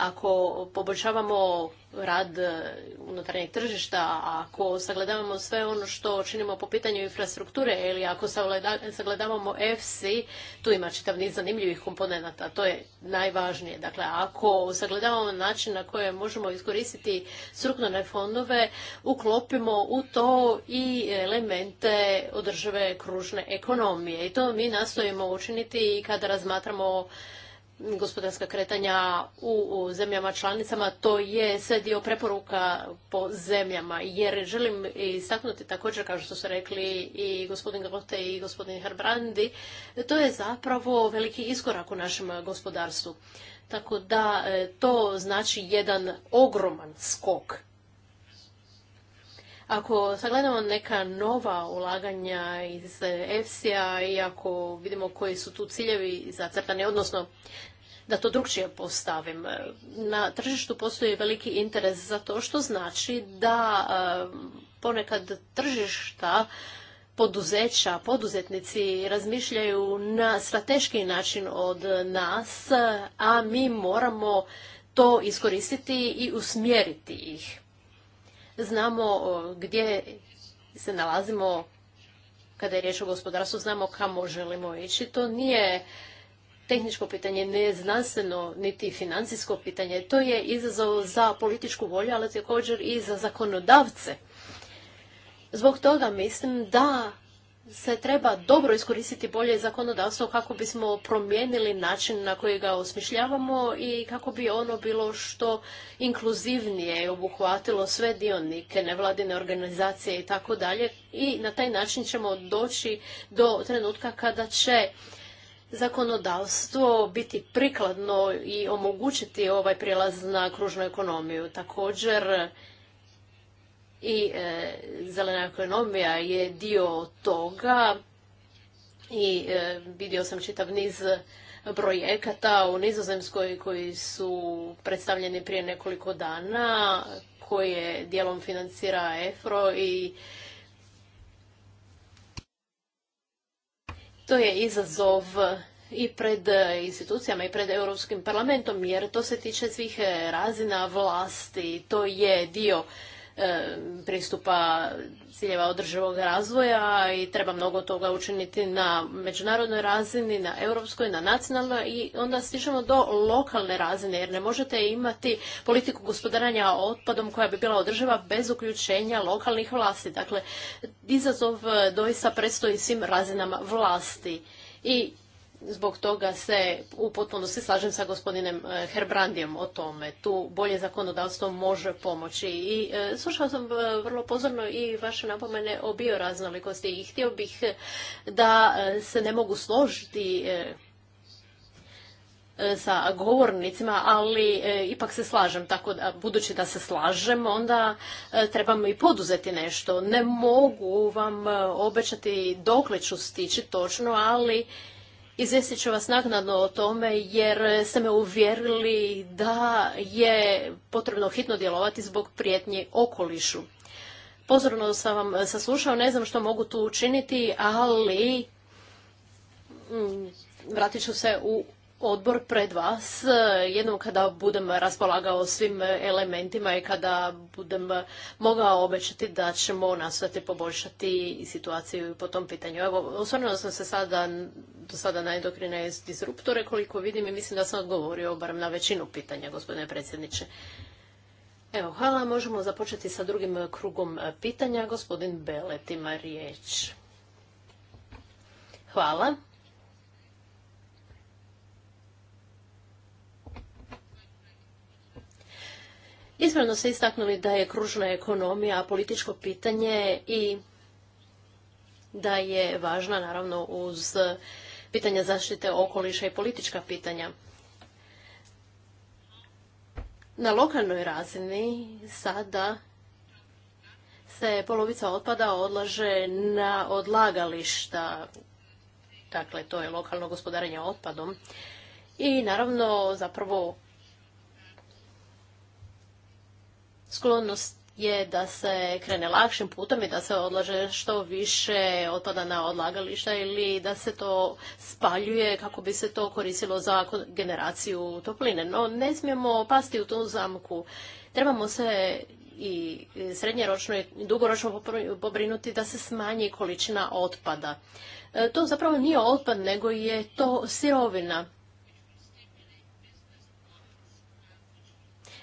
ako poboljšavamo rad e, unutarnjeg tržišta, ako sagledavamo sve ono što činimo po pitanju infrastrukture ili ako sagledavamo EFSI, tu ima čitav niz zanimljivih komponenata, to je najvažnije. Dakle, ako sagledavamo način na koje možemo iskoristiti strukturne fondove, uklopimo u to i elemente održive kružne ekonomije. I to mi nastojimo učiniti i kada razmatramo gospodarska kretanja u zemljama članicama, to je sve dio preporuka po zemljama, jer želim istaknuti također, kao što su rekli i gospodin Grote i gospodin Herbrandi, to je zapravo veliki iskorak u našem gospodarstvu. Tako da e, to znači jedan ogroman skok. Ako sagledamo neka nova ulaganja iz EFSI-a i ako vidimo koji su tu ciljevi zacrtani, odnosno da to drugčije postavim. E, na tržištu postoji veliki interes za to što znači da e, ponekad tržišta poduzeća, poduzetnici razmišljaju na strateški način od nas, a mi moramo to iskoristiti i usmjeriti ih. Znamo e, gdje se nalazimo kada je riječ o gospodarstvu, znamo kamo želimo ići. To nije tehničko pitanje, ne znanstveno, niti financijsko pitanje. To je izazov za političku volju, ali također i za zakonodavce. Zbog toga mislim da se treba dobro iskoristiti bolje zakonodavstvo kako bismo promijenili način na koji ga osmišljavamo i kako bi ono bilo što inkluzivnije obuhvatilo sve dionike, nevladine organizacije i tako dalje i na taj način ćemo doći do trenutka kada će zakonodavstvo biti prikladno i omogućiti ovaj prilaz na kružnu ekonomiju. Također i e, zelena ekonomija je dio toga i e, vidio sam čitav niz projekata u Nizozemskoj koji su predstavljeni prije nekoliko dana koje dijelom financira EFRO i To je izazov i pred institucijama i pred Europskim parlamentom jer to se tiče svih razina vlasti. To je dio E, pristupa ciljeva održivog razvoja i treba mnogo toga učiniti na međunarodnoj razini, na europskoj, na nacionalnoj i onda stižemo do lokalne razine jer ne možete imati politiku gospodaranja otpadom koja bi bila održiva bez uključenja lokalnih vlasti. Dakle, izazov doista predstoji svim razinama vlasti. I zbog toga se u potpunosti slažem sa gospodinem e, Herbrandijem o tome. Tu bolje zakonodavstvo može pomoći. I e, slušao sam e, vrlo pozorno i vaše napomene o bioraznolikosti i htio bih da se ne mogu složiti sa govornicima, ali ipak se slažem, tako da budući da se slažem, onda trebamo i poduzeti nešto. Ne mogu vam obećati dokle ću stići točno, ali Izvjestit ću vas naknadno o tome jer ste me uvjerili da je potrebno hitno djelovati zbog prijetnje okolišu. Pozorno sam vam saslušao, ne znam što mogu tu učiniti, ali mm, vratit ću se u odbor pred vas e, jednom kada budem raspolagao svim elementima i kada budem mogao obećati da ćemo nastojati poboljšati situaciju po tom pitanju. Evo, osvrnula sam se sada, do sada na endokrine disruptore koliko vidim i mislim da sam odgovorio barem na većinu pitanja, gospodine predsjedniče. Evo, hvala. Možemo započeti sa drugim krugom pitanja. Gospodin Belet ima riječ. Hvala. Ispravno se istaknuli da je kružna ekonomija političko pitanje i da je važna naravno uz pitanja zaštite okoliša i politička pitanja. Na lokalnoj razini sada se polovica otpada odlaže na odlagališta, dakle to je lokalno gospodarenje otpadom. I naravno zapravo sklonost je da se krene lakšim putom i da se odlaže što više otpada na odlagališta ili da se to spaljuje kako bi se to koristilo za generaciju topline. No, ne smijemo pasti u tu zamku. Trebamo se i srednjeročno i dugoročno pobrinuti da se smanji količina otpada. E, to zapravo nije otpad, nego je to sirovina.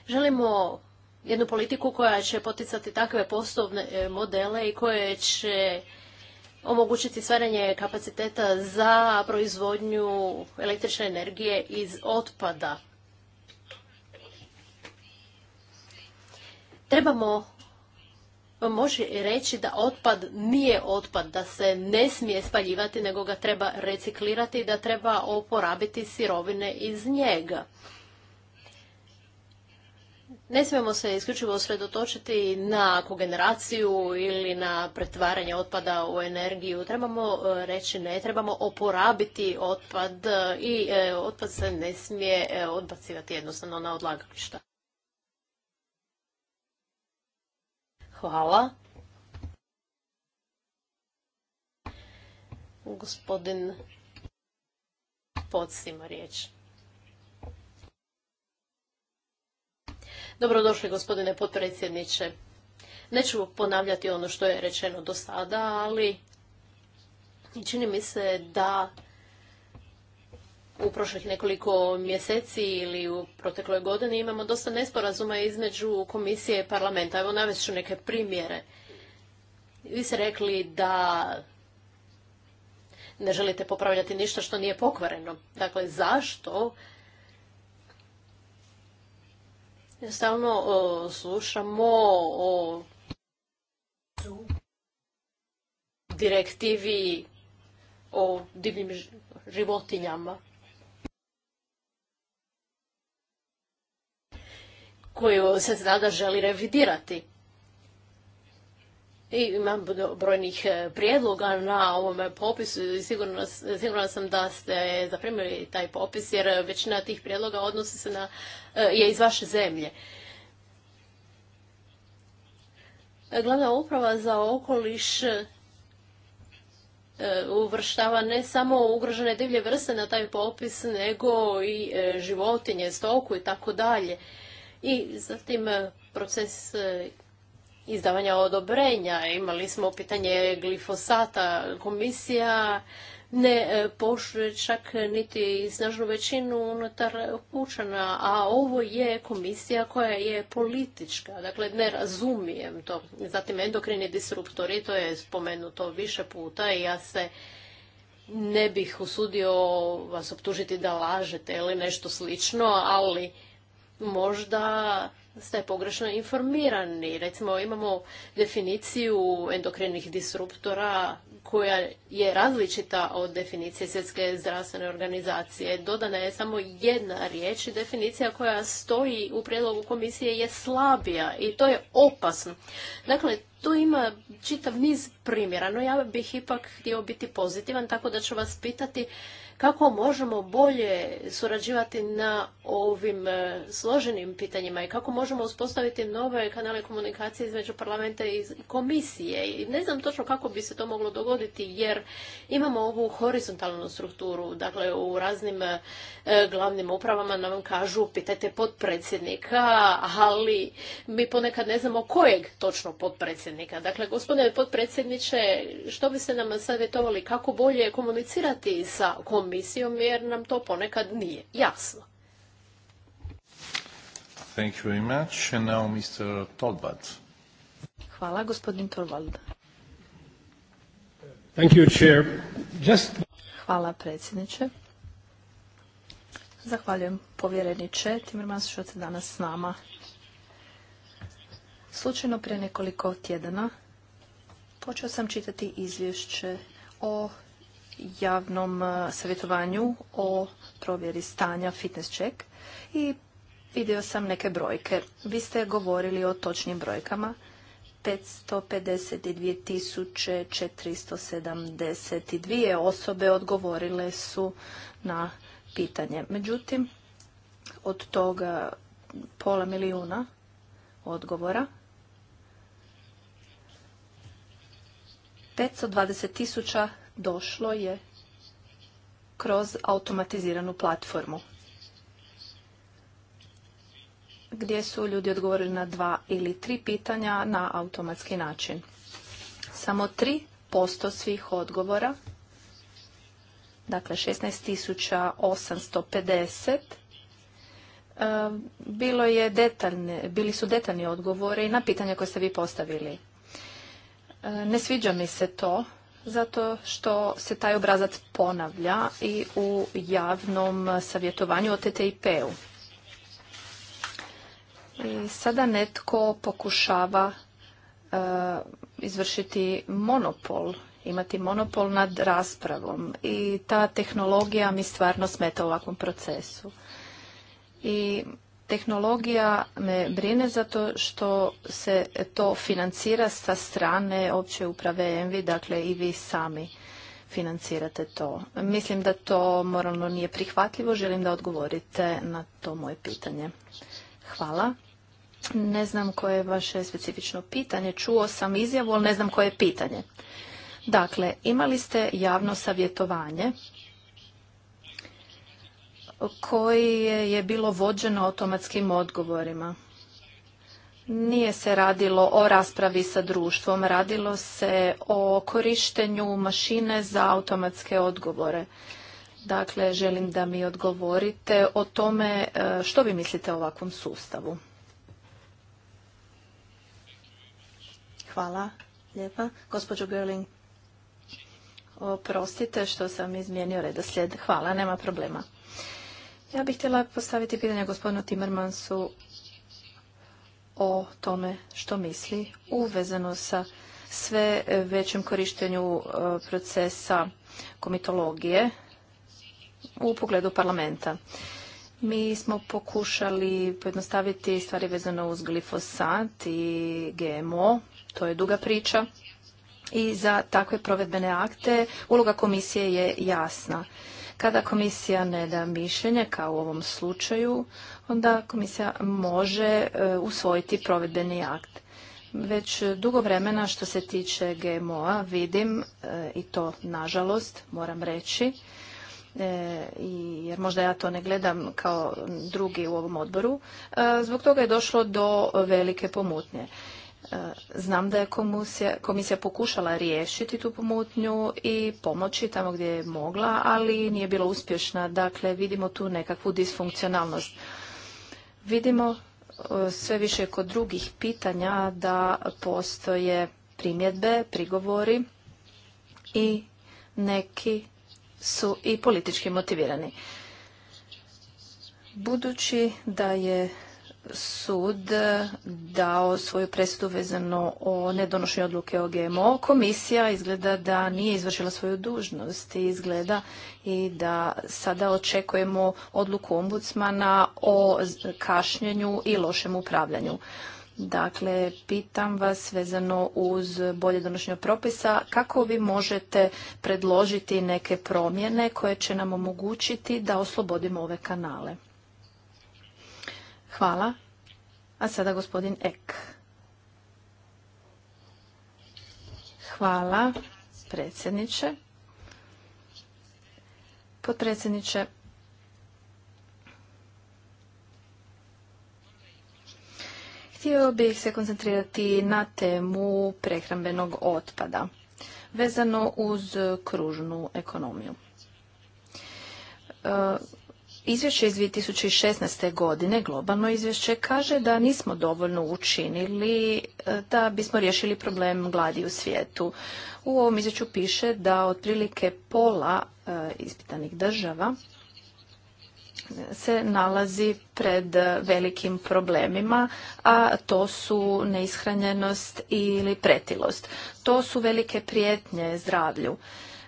Želimo jednu politiku koja će poticati takve poslovne e, modele i koje će omogućiti stvaranje kapaciteta za proizvodnju električne energije iz otpada. Trebamo može reći da otpad nije otpad, da se ne smije spaljivati, nego ga treba reciklirati i da treba oporabiti sirovine iz njega. Ne smijemo se isključivo osredotočiti na kogeneraciju ili na pretvaranje otpada u energiju. Trebamo e, reći ne, trebamo oporabiti otpad i e, otpad se ne smije e, odbacivati jednostavno na odlagališta. Hvala. Gospodin Poc ima riječ. Dobrodošli gospodine potpredsjedniče. Neću ponavljati ono što je rečeno do sada, ali čini mi se da u prošlih nekoliko mjeseci ili u protekloj godini imamo dosta nesporazuma između komisije i parlamenta. Evo navest ću neke primjere. Vi ste rekli da ne želite popravljati ništa što nije pokvareno. Dakle, zašto stalno slušamo o direktivi o divnim životinjama koju se sada želi revidirati. I imam brojnih e, prijedloga na ovom popisu i sigurno, sam da ste zaprimili taj popis jer većina tih prijedloga odnosi se na, e, je iz vaše zemlje. Glavna uprava za okoliš e, uvrštava ne samo ugrožene divlje vrste na taj popis, nego i životinje, stoku i tako dalje. I zatim proces izdavanja odobrenja. Imali smo pitanje glifosata. Komisija ne e, pošle čak niti snažnu većinu unutar pučana, a ovo je komisija koja je politička. Dakle, ne razumijem to. Zatim, endokrini disruptori, to je spomenuto više puta i ja se ne bih usudio vas optužiti da lažete ili nešto slično, ali možda ste pogrešno informirani. Recimo imamo definiciju endokrinih disruptora koja je različita od definicije svjetske zdravstvene organizacije. Dodana je samo jedna riječ i definicija koja stoji u prijedlogu komisije je slabija i to je opasno. Dakle, tu ima čitav niz primjera, no ja bih ipak htio biti pozitivan, tako da ću vas pitati kako možemo bolje surađivati na ovim e, složenim pitanjima i kako možemo uspostaviti nove kanale komunikacije između parlamenta i komisije. I ne znam točno kako bi se to moglo dogoditi jer imamo ovu horizontalnu strukturu. Dakle, u raznim e, glavnim upravama nam kažu pitajte potpredsjednika, ali mi ponekad ne znamo kojeg točno potpredsjednika. Dakle, gospodine potpredsjedniče, što biste nam savjetovali kako bolje komunicirati sa komisijom? komisijom jer nam to ponekad nije jasno. Thank you very much. Mr. Hvala, gospodin Torvald. Thank you, Chair. Just... Hvala, predsjedniče. Zahvaljujem povjereniče Timmermans što ste danas s nama. Slučajno prije nekoliko tjedana počeo sam čitati izvješće o javnom eh, savjetovanju o provjeri stanja fitness check i vidio sam neke brojke. Vi ste govorili o točnim brojkama. 552.472 osobe odgovorile su na pitanje. Međutim, od toga pola milijuna odgovora 520 tisuća došlo je kroz automatiziranu platformu gdje su ljudi odgovorili na dva ili tri pitanja na automatski način. Samo tri posto svih odgovora, dakle 16.850, eh, bilo je detaljne, bili su detaljni odgovori na pitanja koje ste vi postavili. Eh, ne sviđa mi se to zato što se taj obrazac ponavlja i u javnom savjetovanju o TTIP-u. I sada netko pokušava e, izvršiti monopol, imati monopol nad raspravom i ta tehnologija mi stvarno smeta u ovakvom procesu. I Tehnologija me brine zato što se to financira sa strane opće uprave ENVI, dakle i vi sami financirate to. Mislim da to moralno nije prihvatljivo, želim da odgovorite na to moje pitanje. Hvala. Ne znam koje je vaše specifično pitanje, čuo sam izjavu, ali ne znam koje je pitanje. Dakle, imali ste javno savjetovanje koji je bilo vođeno automatskim odgovorima. Nije se radilo o raspravi sa društvom, radilo se o korištenju mašine za automatske odgovore. Dakle, želim da mi odgovorite o tome e, što vi mislite o ovakvom sustavu. Hvala lijepa. Gospođo Gerling, oprostite što sam izmijenio redoslijed. Hvala, nema problema. Ja bih htjela postaviti pitanje gospodinu Timmermansu o tome što misli uvezano sa sve većem korištenju e, procesa komitologije u pogledu parlamenta. Mi smo pokušali pojednostaviti stvari vezano uz glifosat i GMO, to je duga priča. I za takve provedbene akte uloga komisije je jasna. Kada komisija ne da mišljenje, kao u ovom slučaju, onda komisija može e, usvojiti provedbeni akt. Već dugo vremena što se tiče GMO-a vidim, e, i to nažalost moram reći, e, jer možda ja to ne gledam kao drugi u ovom odboru, zbog toga je došlo do velike pomutnje. E, znam da je komisija, komisija pokušala riješiti tu pomutnju i pomoći tamo gdje je mogla, ali nije bila uspješna. Dakle, vidimo tu nekakvu disfunkcionalnost. Vidimo e, sve više kod drugih pitanja da postoje primjedbe, prigovori i neki su i politički motivirani. Budući da je sud e, dao svoju presudu vezano o nedonošenju odluke o GMO. Komisija izgleda da nije izvršila svoju dužnost i izgleda i da sada očekujemo odluku ombudsmana o kašnjenju i lošem upravljanju. Dakle, pitam vas vezano uz bolje donošenje propisa, kako vi možete predložiti neke promjene koje će nam omogućiti da oslobodimo ove kanale? Hvala. A sada gospodin Ek. Hvala, predsjedniče. Potpredsjedniče, htio bih se koncentrirati na temu prehrambenog otpada vezano uz kružnu ekonomiju. E, Izvješće iz 2016. godine, globalno izvješće, kaže da nismo dovoljno učinili e, da bismo riješili problem gladi u svijetu. U ovom izvješću piše da otprilike pola e, ispitanih država se nalazi pred velikim problemima, a to su neishranjenost ili pretilost. To su velike prijetnje zdravlju.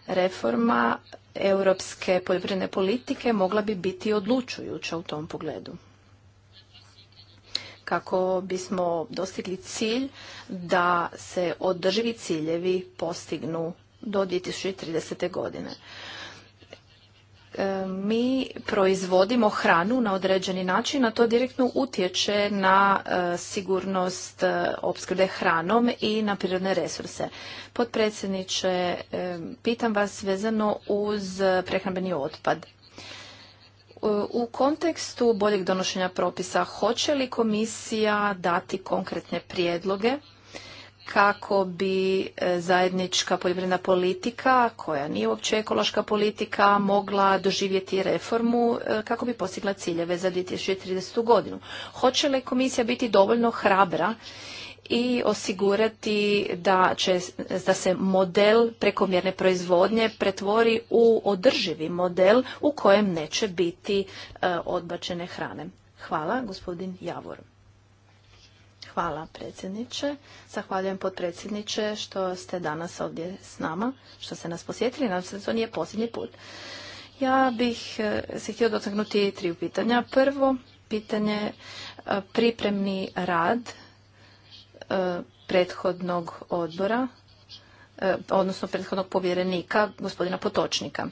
Reforma europske poljoprivredne politike mogla bi biti odlučujuća u tom pogledu kako bismo dostigli cilj da se održivi ciljevi postignu do 2030. godine. E, mi proizvodimo hranu na određeni način, a to direktno utječe na e, sigurnost e, opskrbe hranom i na prirodne resurse. Potpredsjedniče, pitam vas vezano uz prehrambeni otpad. U kontekstu boljeg donošenja propisa, hoće li komisija dati konkretne prijedloge kako bi e, zajednička poljoprivredna politika, koja nije uopće ekološka politika, mogla doživjeti reformu e, kako bi postigla ciljeve za 2030. godinu. Hoće li komisija biti dovoljno hrabra i osigurati da, će, da se model prekomjerne proizvodnje pretvori u održivi model u kojem neće biti e, odbačene hrane. Hvala, gospodin Javor. Hvala predsjedniče. Zahvaljujem potpredsjedniče što ste danas ovdje s nama, što ste nas posjetili. Nadam se da to nije posljednji put. Ja bih se htio dotaknuti tri pitanja. Prvo, pitanje e, pripremni rad e, prethodnog odbora, e, odnosno prethodnog povjerenika, gospodina Potočnika.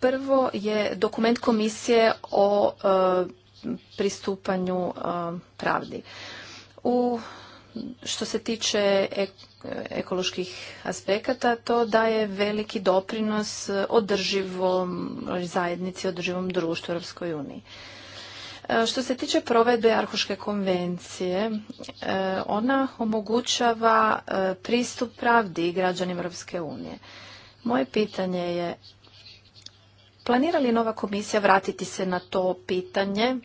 Prvo je dokument komisije o pristupanju e, pravdi. U što se tiče ekoloških aspekata, to daje veliki doprinos održivom zajednici, održivom društvu Europskoj uniji. E, što se tiče provedbe Arhuške konvencije, e, ona omogućava pristup pravdi građanima Europske unije. Moje pitanje je, planira li nova komisija vratiti se na to pitanje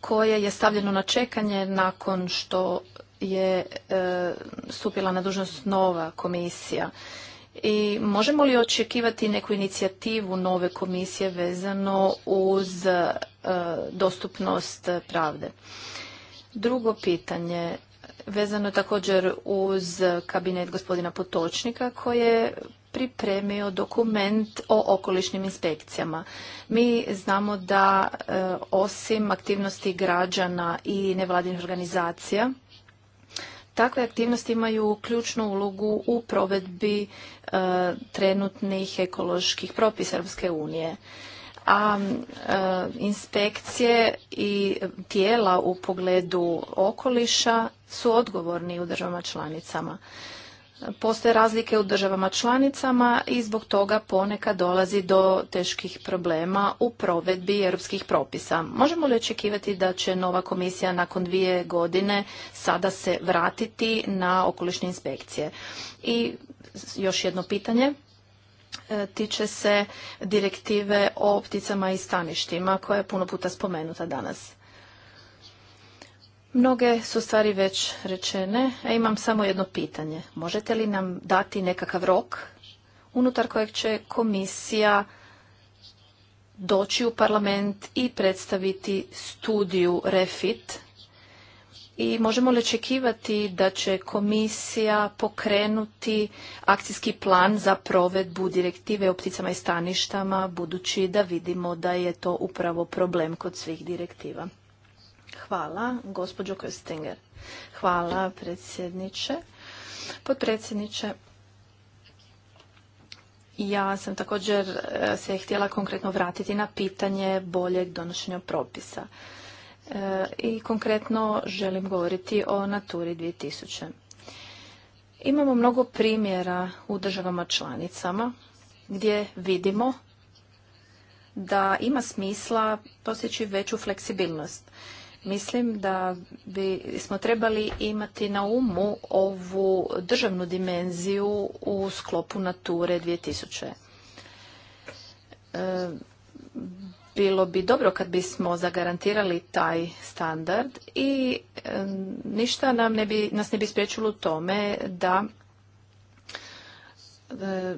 koje je stavljeno na čekanje nakon što je e, stupila na dužnost nova komisija. I možemo li očekivati neku inicijativu nove komisije vezano uz e, dostupnost pravde? Drugo pitanje vezano je također uz kabinet gospodina Potočnika koje pripremio dokument o okolišnim inspekcijama. Mi znamo da e, osim aktivnosti građana i nevladinih organizacija, Takve aktivnosti imaju ključnu ulogu u provedbi e, trenutnih ekoloških propisa Europske unije a e, inspekcije i tijela u pogledu okoliša su odgovorni u državama članicama postoje razlike u državama članicama i zbog toga ponekad dolazi do teških problema u provedbi europskih propisa. Možemo li očekivati da će nova komisija nakon dvije godine sada se vratiti na okolišne inspekcije? I još jedno pitanje e, tiče se direktive o pticama i staništima koja je puno puta spomenuta danas. Mnoge su stvari već rečene, a imam samo jedno pitanje. Možete li nam dati nekakav rok unutar kojeg će komisija doći u parlament i predstaviti studiju REFIT i možemo li očekivati da će komisija pokrenuti akcijski plan za provedbu direktive o pticama i staništama, budući da vidimo da je to upravo problem kod svih direktiva. Hvala, gospođo Köstinger. Hvala, predsjedniče. Podpredsjedniče, ja sam također e, se htjela konkretno vratiti na pitanje boljeg donošenja propisa. E, I konkretno želim govoriti o Naturi 2000. Imamo mnogo primjera u državama članicama gdje vidimo da ima smisla posjeći veću fleksibilnost. Mislim da bi smo trebali imati na umu ovu državnu dimenziju u sklopu Nature 2000. E, bilo bi dobro kad bismo zagarantirali taj standard i e, ništa nam ne bi, nas ne bi spriječilo u tome da e,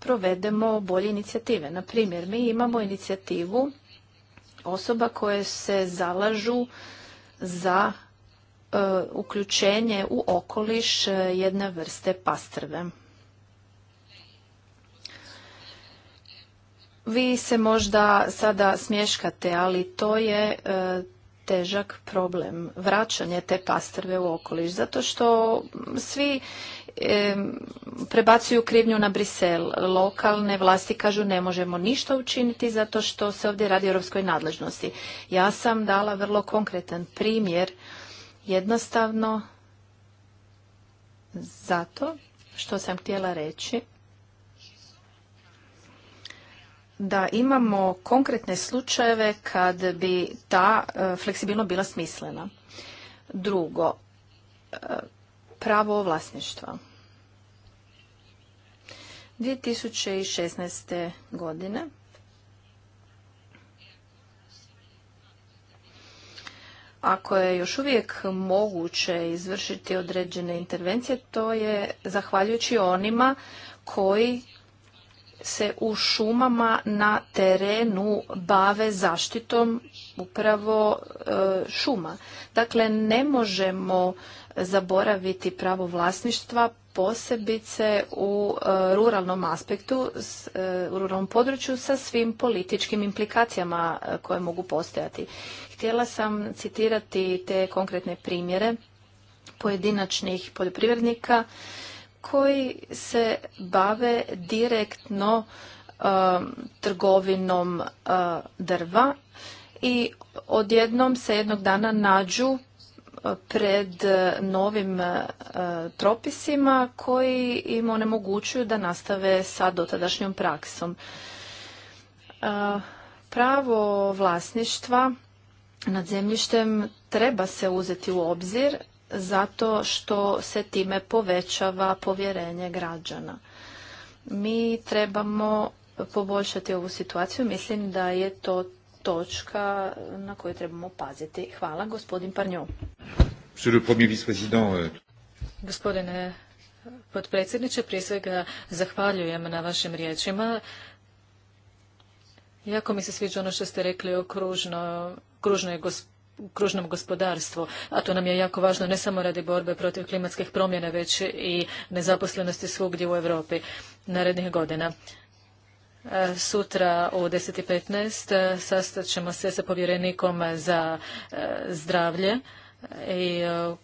provedemo bolje inicijative. Na primjer, mi imamo inicijativu osoba koje se zalažu za e, uključenje u okoliš e, jedne vrste pastrve. Vi se možda sada smješkate, ali to je e, težak problem, vraćanje te pastrve u okoliš, zato što svi prebacuju krivnju na Brisel. Lokalne vlasti kažu ne možemo ništa učiniti zato što se ovdje radi o europskoj nadležnosti. Ja sam dala vrlo konkretan primjer jednostavno zato što sam htjela reći da imamo konkretne slučajeve kad bi ta eh, fleksibilnost bila smislena. Drugo, eh, pravo vlasništva. 2016. godine Ako je još uvijek moguće izvršiti određene intervencije, to je zahvaljujući onima koji se u šumama na terenu bave zaštitom upravo e, šuma. Dakle, ne možemo zaboraviti pravo vlasništva posebice u e, ruralnom aspektu, e, u ruralnom području sa svim političkim implikacijama e, koje mogu postojati. Htjela sam citirati te konkretne primjere pojedinačnih poljoprivrednika koji se bave direktno trgovinom drva i odjednom se jednog dana nađu pred novim e, propisima koji im onemogućuju da nastave sa dotadašnjom praksom. E, pravo vlasništva nad zemljištem treba se uzeti u obzir zato što se time povećava povjerenje građana. Mi trebamo poboljšati ovu situaciju. Mislim da je to točka na koju trebamo paziti. Hvala, gospodin Parnjo. Euh, Gospodine potpredsjedniče, prije svega zahvaljujem na vašim riječima. Jako mi se sviđa ono što ste rekli o kružnom gospodarstvu, a to nam je jako važno ne samo radi borbe protiv klimatskih promjena, već i nezaposlenosti svugdje u Europi narednih godina. Sutra u 10.15 e, sastat ćemo se sa povjerenikom za e, zdravlje e,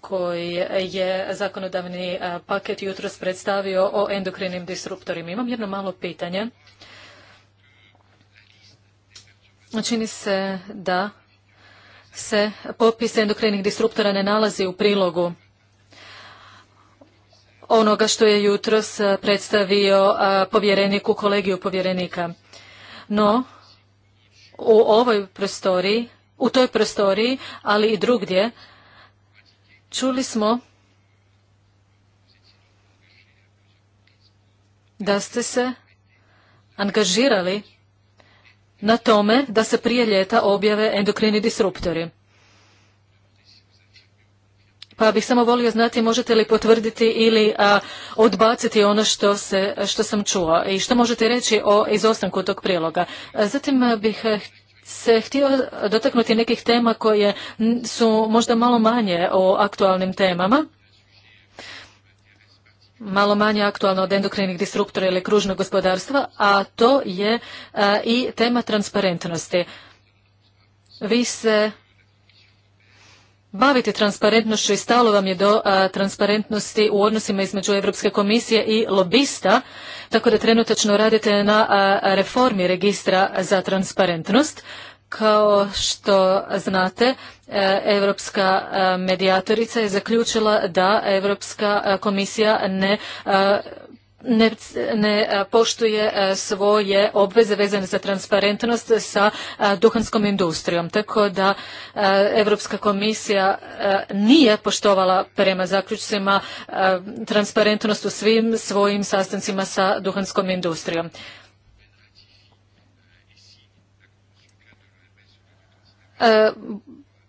koji je zakonodavni paket jutros predstavio o endokrinim disruptorima. Imam jedno malo pitanje. Čini se da se popis endokrinih disruptora ne nalazi u prilogu onoga što je jutros e, predstavio e, povjereniku kolegiju povjerenika. No, u ovoj prostoriji, u toj prostoriji, ali i drugdje, čuli smo da ste se angažirali na tome da se prije ljeta objave endokrini disruptori pa bih samo volio znati možete li potvrditi ili a, odbaciti ono što, se, što sam čuo i što možete reći o izostanku tog priloga. Zatim bih se htio dotaknuti nekih tema koje su možda malo manje o aktualnim temama malo manje aktualno od endokrinih disruptora ili kružnog gospodarstva, a to je i tema transparentnosti. Vi se baviti transparentnošću i stalo vam je do transparentnosti u odnosima između Europske komisije i lobista, tako da trenutačno radite na reformi registra za transparentnost. Kao što znate, e, Europska medijatorica je zaključila da Europska komisija ne ne, ne e, poštuje e, svoje obveze vezane za transparentnost sa e, duhanskom industrijom. Tako da Europska komisija nije poštovala prema zaključcima transparentnost u svim svojim sastancima sa duhanskom industrijom.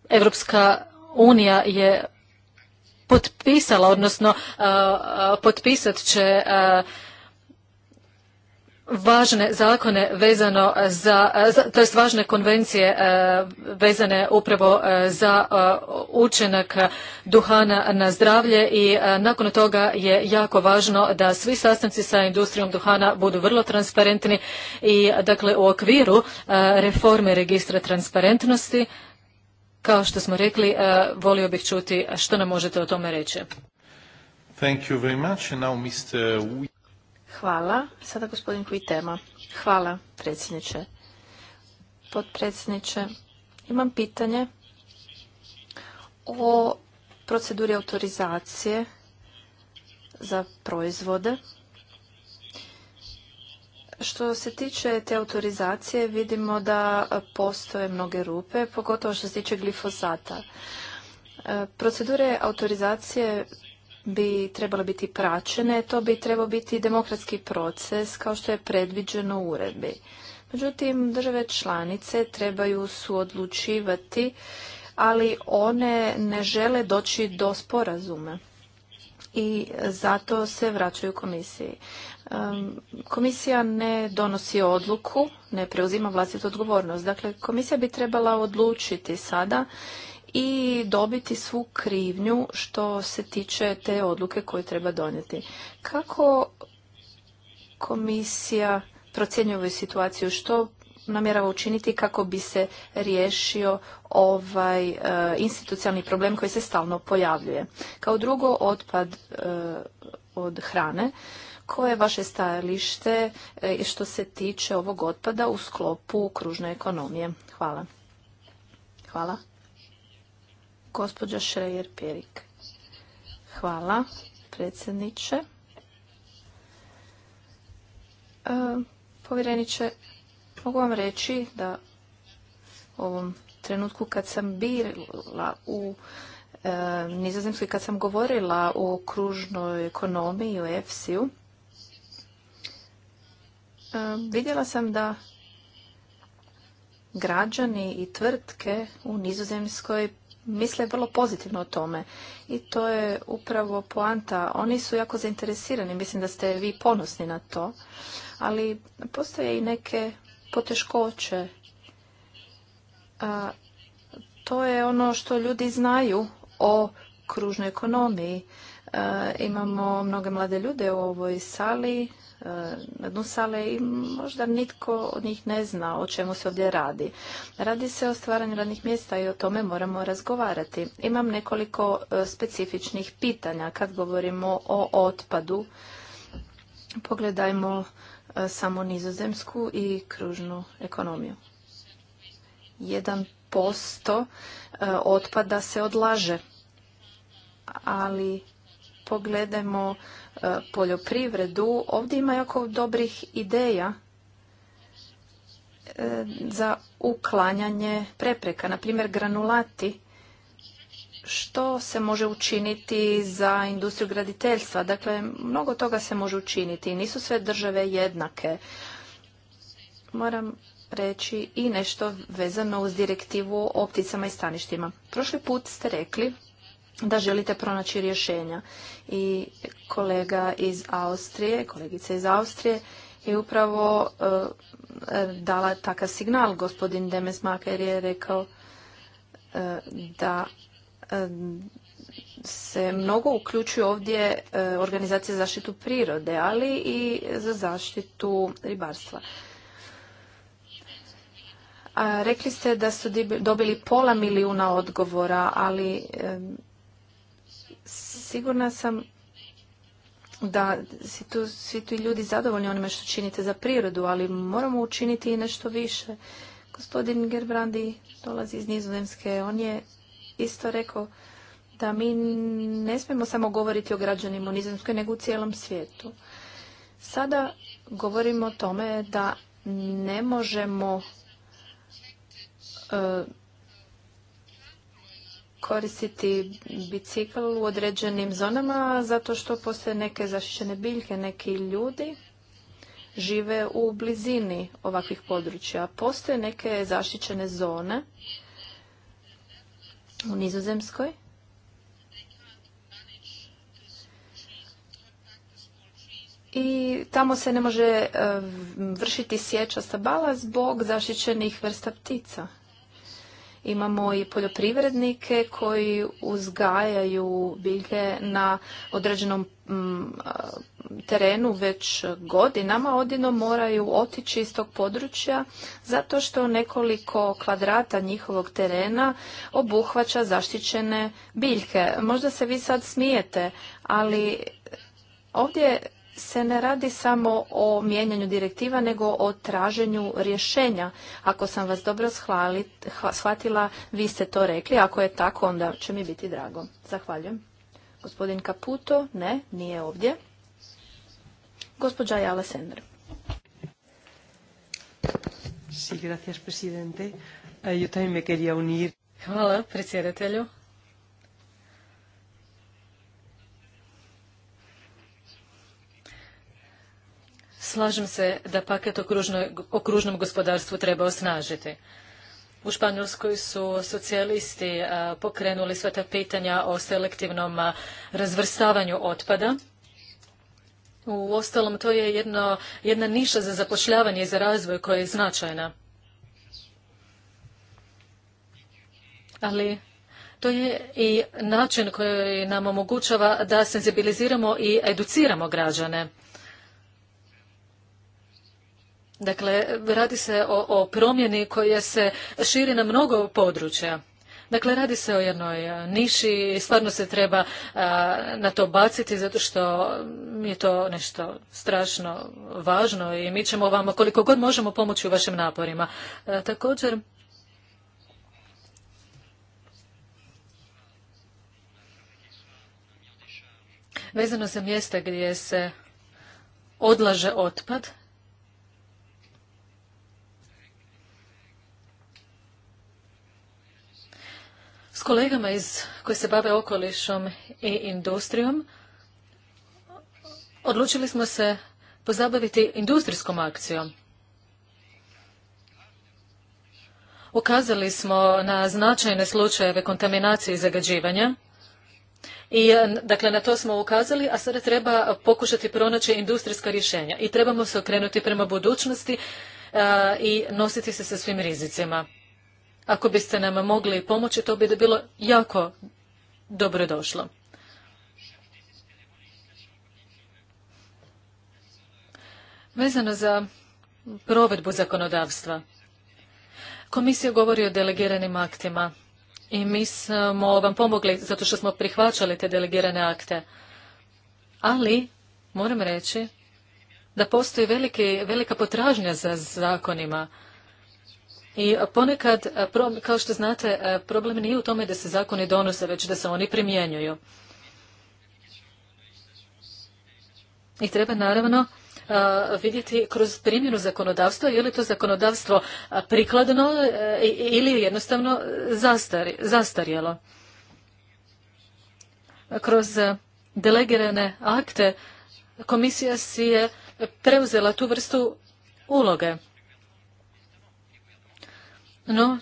Europska unija je potpisala, odnosno e, e, potpisat će e, važne zakone vezano za, to jest važne konvencije vezane upravo za učenak duhana na zdravlje i nakon toga je jako važno da svi sastanci sa industrijom duhana budu vrlo transparentni i dakle u okviru reforme registra transparentnosti kao što smo rekli, e, volio bih čuti što nam možete o tome reći. Thank you very much. now Mr. Hvala. Sada gospodin Kvitema. Hvala, predsjedniče. Potpredsjedniče, imam pitanje o proceduri autorizacije za proizvode što se tiče te autorizacije, vidimo da postoje mnoge rupe, pogotovo što se tiče glifosata. E, procedure autorizacije bi trebale biti praćene, to bi trebao biti demokratski proces kao što je predviđeno u uredbi. Međutim, države članice trebaju suodlučivati, ali one ne žele doći do sporazuma i zato se vraćaju komisiji. Komisija ne donosi odluku, ne preuzima vlastitu odgovornost. Dakle, komisija bi trebala odlučiti sada i dobiti svu krivnju što se tiče te odluke koju treba donijeti. Kako komisija procjenjuje situaciju, što namjerava učiniti kako bi se riješio ovaj e, institucionalni problem koji se stalno pojavljuje. Kao drugo, otpad e, od hrane. Koje je vaše stajalište e, što se tiče ovog otpada u sklopu kružne ekonomije? Hvala. Hvala. Gospođa Šrejer-Perik. Hvala, predsjedniče. E, povjereniče, Mogu vam reći da u ovom trenutku kad sam bila u e, Nizozemskoj, kad sam govorila o kružnoj ekonomiji, o EFSI-u, e, vidjela sam da građani i tvrtke u Nizozemskoj misle vrlo pozitivno o tome. I to je upravo poanta. Oni su jako zainteresirani. Mislim da ste vi ponosni na to. Ali postoje i neke poteškoće. to je ono što ljudi znaju o kružnoj ekonomiji. imamo mnoge mlade ljude u ovoj sali, na dnu sale i možda nitko od njih ne zna o čemu se ovdje radi. Radi se o stvaranju radnih mjesta i o tome moramo razgovarati. Imam nekoliko e, specifičnih pitanja kad govorimo o otpadu. Pogledajmo E, samo nizozemsku i kružnu ekonomiju. 1% e, otpada se odlaže, ali pogledajmo e, poljoprivredu. Ovdje ima jako dobrih ideja za uklanjanje prepreka. Naprimjer, granulati što se može učiniti za industriju graditeljstva. Dakle, mnogo toga se može učiniti. Nisu sve države jednake. Moram reći i nešto vezano uz direktivu o opticama i staništima. Prošli put ste rekli da želite pronaći rješenja. I kolega iz Austrije, kolegica iz Austrije je upravo eh, dala takav signal. Gospodin Demesmaker je rekao eh, da se mnogo uključuju ovdje e, organizacije za zaštitu prirode, ali i za zaštitu ribarstva. rekli ste da su dobili pola milijuna odgovora, ali e, sigurna sam da si tu, svi tu ljudi zadovoljni onime što činite za prirodu, ali moramo učiniti i nešto više. Gospodin Gerbrandi dolazi iz Nizozemske, on je isto rekao da mi ne smijemo samo govoriti o građanima u Nizozemskoj, nego u cijelom svijetu. Sada govorimo o tome da ne možemo e, koristiti bicikl u određenim zonama zato što postoje neke zaštićene biljke, neki ljudi žive u blizini ovakvih područja. Postoje neke zaštićene zone u Nizozemskoj. I tamo se ne može eh, vršiti sjeća stabala zbog zaštićenih vrsta ptica. Imamo i poljoprivrednike koji uzgajaju biljke na određenom mm, terenu već godinama. Odino moraju otići iz tog područja zato što nekoliko kvadrata njihovog terena obuhvaća zaštićene biljke. Možda se vi sad smijete, ali ovdje se ne radi samo o mijenjanju direktiva, nego o traženju rješenja. Ako sam vas dobro shvatila, vi ste to rekli. Ako je tako, onda će mi biti drago. Zahvaljujem. Gospodin Caputo, ne, nije ovdje. Gospođa Jala Sender. Eh, Hvala predsjedatelju. Slažem se da paket o, kružnom gospodarstvu treba osnažiti. U Španjolskoj su socijalisti pokrenuli sva ta pitanja o selektivnom razvrstavanju otpada. U ostalom, to je jedna niša za zapošljavanje i za razvoj koja je značajna. Ali to je i način koji nam omogućava da senzibiliziramo i educiramo građane. Dakle, radi se o, promjeni koja se širi na mnogo područja. Dakle, radi se o jednoj niši i stvarno se treba na to baciti zato što je to nešto strašno važno i mi ćemo vam koliko god možemo pomoći u vašim naporima. također, vezano za mjesta gdje se odlaže otpad, S kolegama iz, koji se bave okolišom i industrijom odlučili smo se pozabaviti industrijskom akcijom. Ukazali smo na značajne slučajeve kontaminacije i zagađivanja i dakle na to smo ukazali, a sada treba pokušati pronaći industrijska rješenja i trebamo se okrenuti prema budućnosti i nositi se sa svim rizicima. Ako biste nam mogli pomoći, to bi da bilo jako dobrodošlo. Vezano za provedbu zakonodavstva. Komisija govori o delegiranim aktima i mi smo vam pomogli zato što smo prihvaćali te delegirane akte. Ali, moram reći, da postoji velika potražnja za zakonima. I ponekad, e, kao što znate, e, problem nije u tome da se zakoni donose, već da se oni primjenjuju. I treba naravno e, vidjeti kroz primjenu zakonodavstva je li to zakonodavstvo prikladno ili jednostavno zastarjelo. Kroz delegirane akte komisija si je preuzela tu vrstu uloge. No,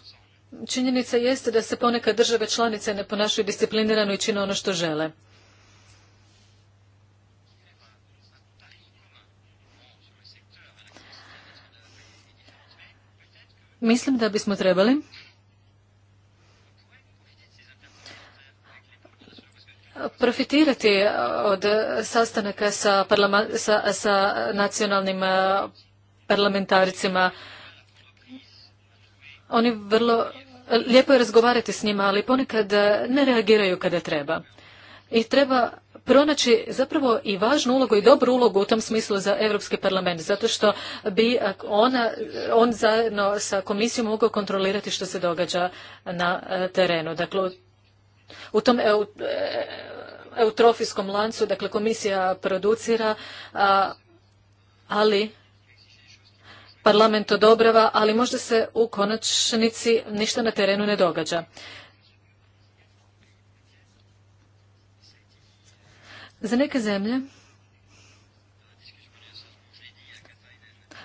činjenica jeste da se ponekad države članice ne ponašaju disciplinirano i čine ono što žele. Mislim da bismo trebali profitirati od sastanaka sa, sa nacionalnim eh, parlamentarcima oni vrlo, lijepo je razgovarati s njima, ali ponekad eh, ne reagiraju kada treba. I treba pronaći zapravo i važnu ulogu i dobru ulogu u tom smislu za Europski parlament, zato što bi ona, on zajedno sa komisijom mogao kontrolirati što se događa na eh, terenu. Dakle, u tom eh, eutrofijskom lancu, dakle komisija producira, ali parlament odobrava, ali možda se u konačnici ništa na terenu ne događa. Za neke zemlje,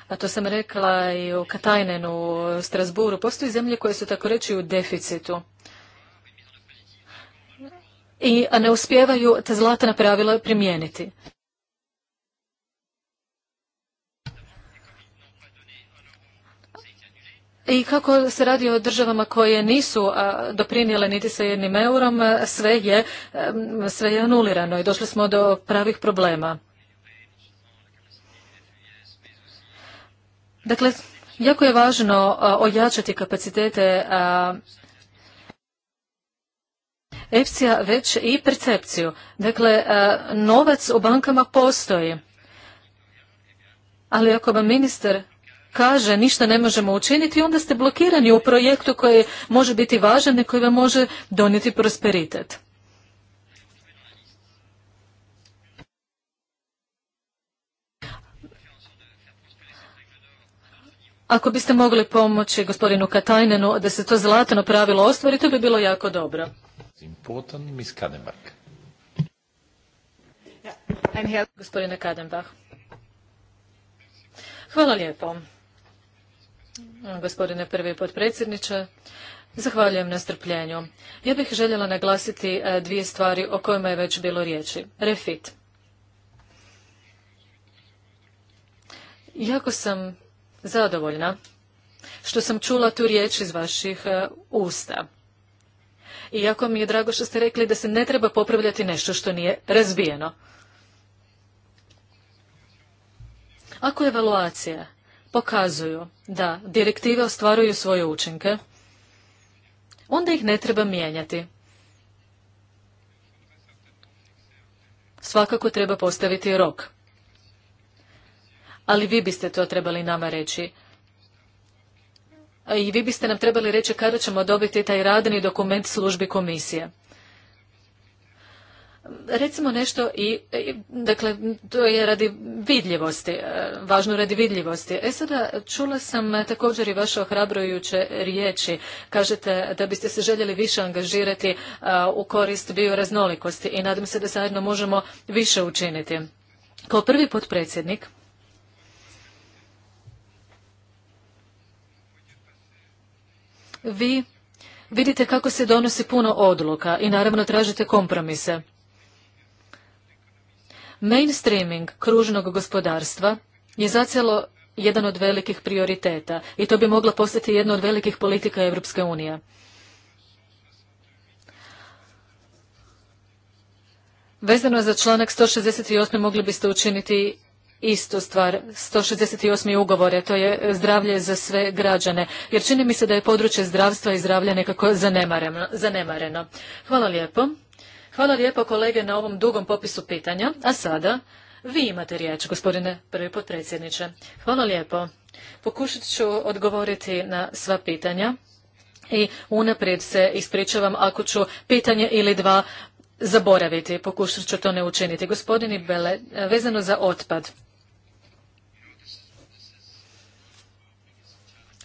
a to sam rekla i u Katajnenu, u Strasburu, postoji zemlje koje su tako reći u deficitu i ne uspijevaju te zlatna pravila primijeniti. i kako se radi o državama koje nisu doprinijele niti sa jednim eurom, sve je, sve je anulirano i došli smo do pravih problema. Dakle, jako je važno ojačati kapacitete efsi već i percepciju. Dakle, novac u bankama postoji. Ali ako vam ministar kaže ništa ne možemo učiniti, onda ste blokirani u projektu koji može biti važan i koji vam može donijeti prosperitet. Ako biste mogli pomoći gospodinu Katajnenu da se to zlatno pravilo ostvari, to bi bilo jako dobro. Gospodine Kadenbach. Hvala lijepo gospodine prvi potpredsjedniče. Zahvaljujem na strpljenju. Ja bih željela naglasiti e, dvije stvari o kojima je već bilo riječi. Refit. Jako sam zadovoljna što sam čula tu riječ iz vaših e, usta. I jako mi je drago što ste rekli da se ne treba popravljati nešto što nije razbijeno. Ako evaluacija pokazuju da direktive ostvaruju svoje učinke, onda ih ne treba mijenjati. Svakako treba postaviti rok. Ali vi biste to trebali nama reći. I vi biste nam trebali reći kada ćemo dobiti taj radni dokument službi komisije. Recimo nešto i, dakle, to je radi vidljivosti, e, važno radi vidljivosti. E sada, čula sam e, također i vaše ohrabrujuće riječi. Kažete da biste se željeli više angažirati e, u korist bioraznolikosti i nadam se da zajedno možemo više učiniti. Kao prvi potpredsjednik, vi vidite kako se donosi puno odluka i naravno tražite kompromise. Mainstreaming kružnog gospodarstva je zacijelo jedan od velikih prioriteta i to bi mogla postati jedna od velikih politika Europske unije. Vezano za članak 168. mogli biste učiniti istu stvar, 168. ugovore, to je zdravlje za sve građane, jer čini mi se da je područje zdravstva i zdravlja nekako zanemareno. Hvala lijepo. Hvala lijepo kolege na ovom dugom popisu pitanja. A sada vi imate riječ, gospodine prvi potpredsjedniče. Hvala lijepo. Pokušat ću odgovoriti na sva pitanja i unaprijed se ispričavam ako ću pitanje ili dva zaboraviti. Pokušat ću to ne učiniti. Gospodini Bele, vezano za otpad.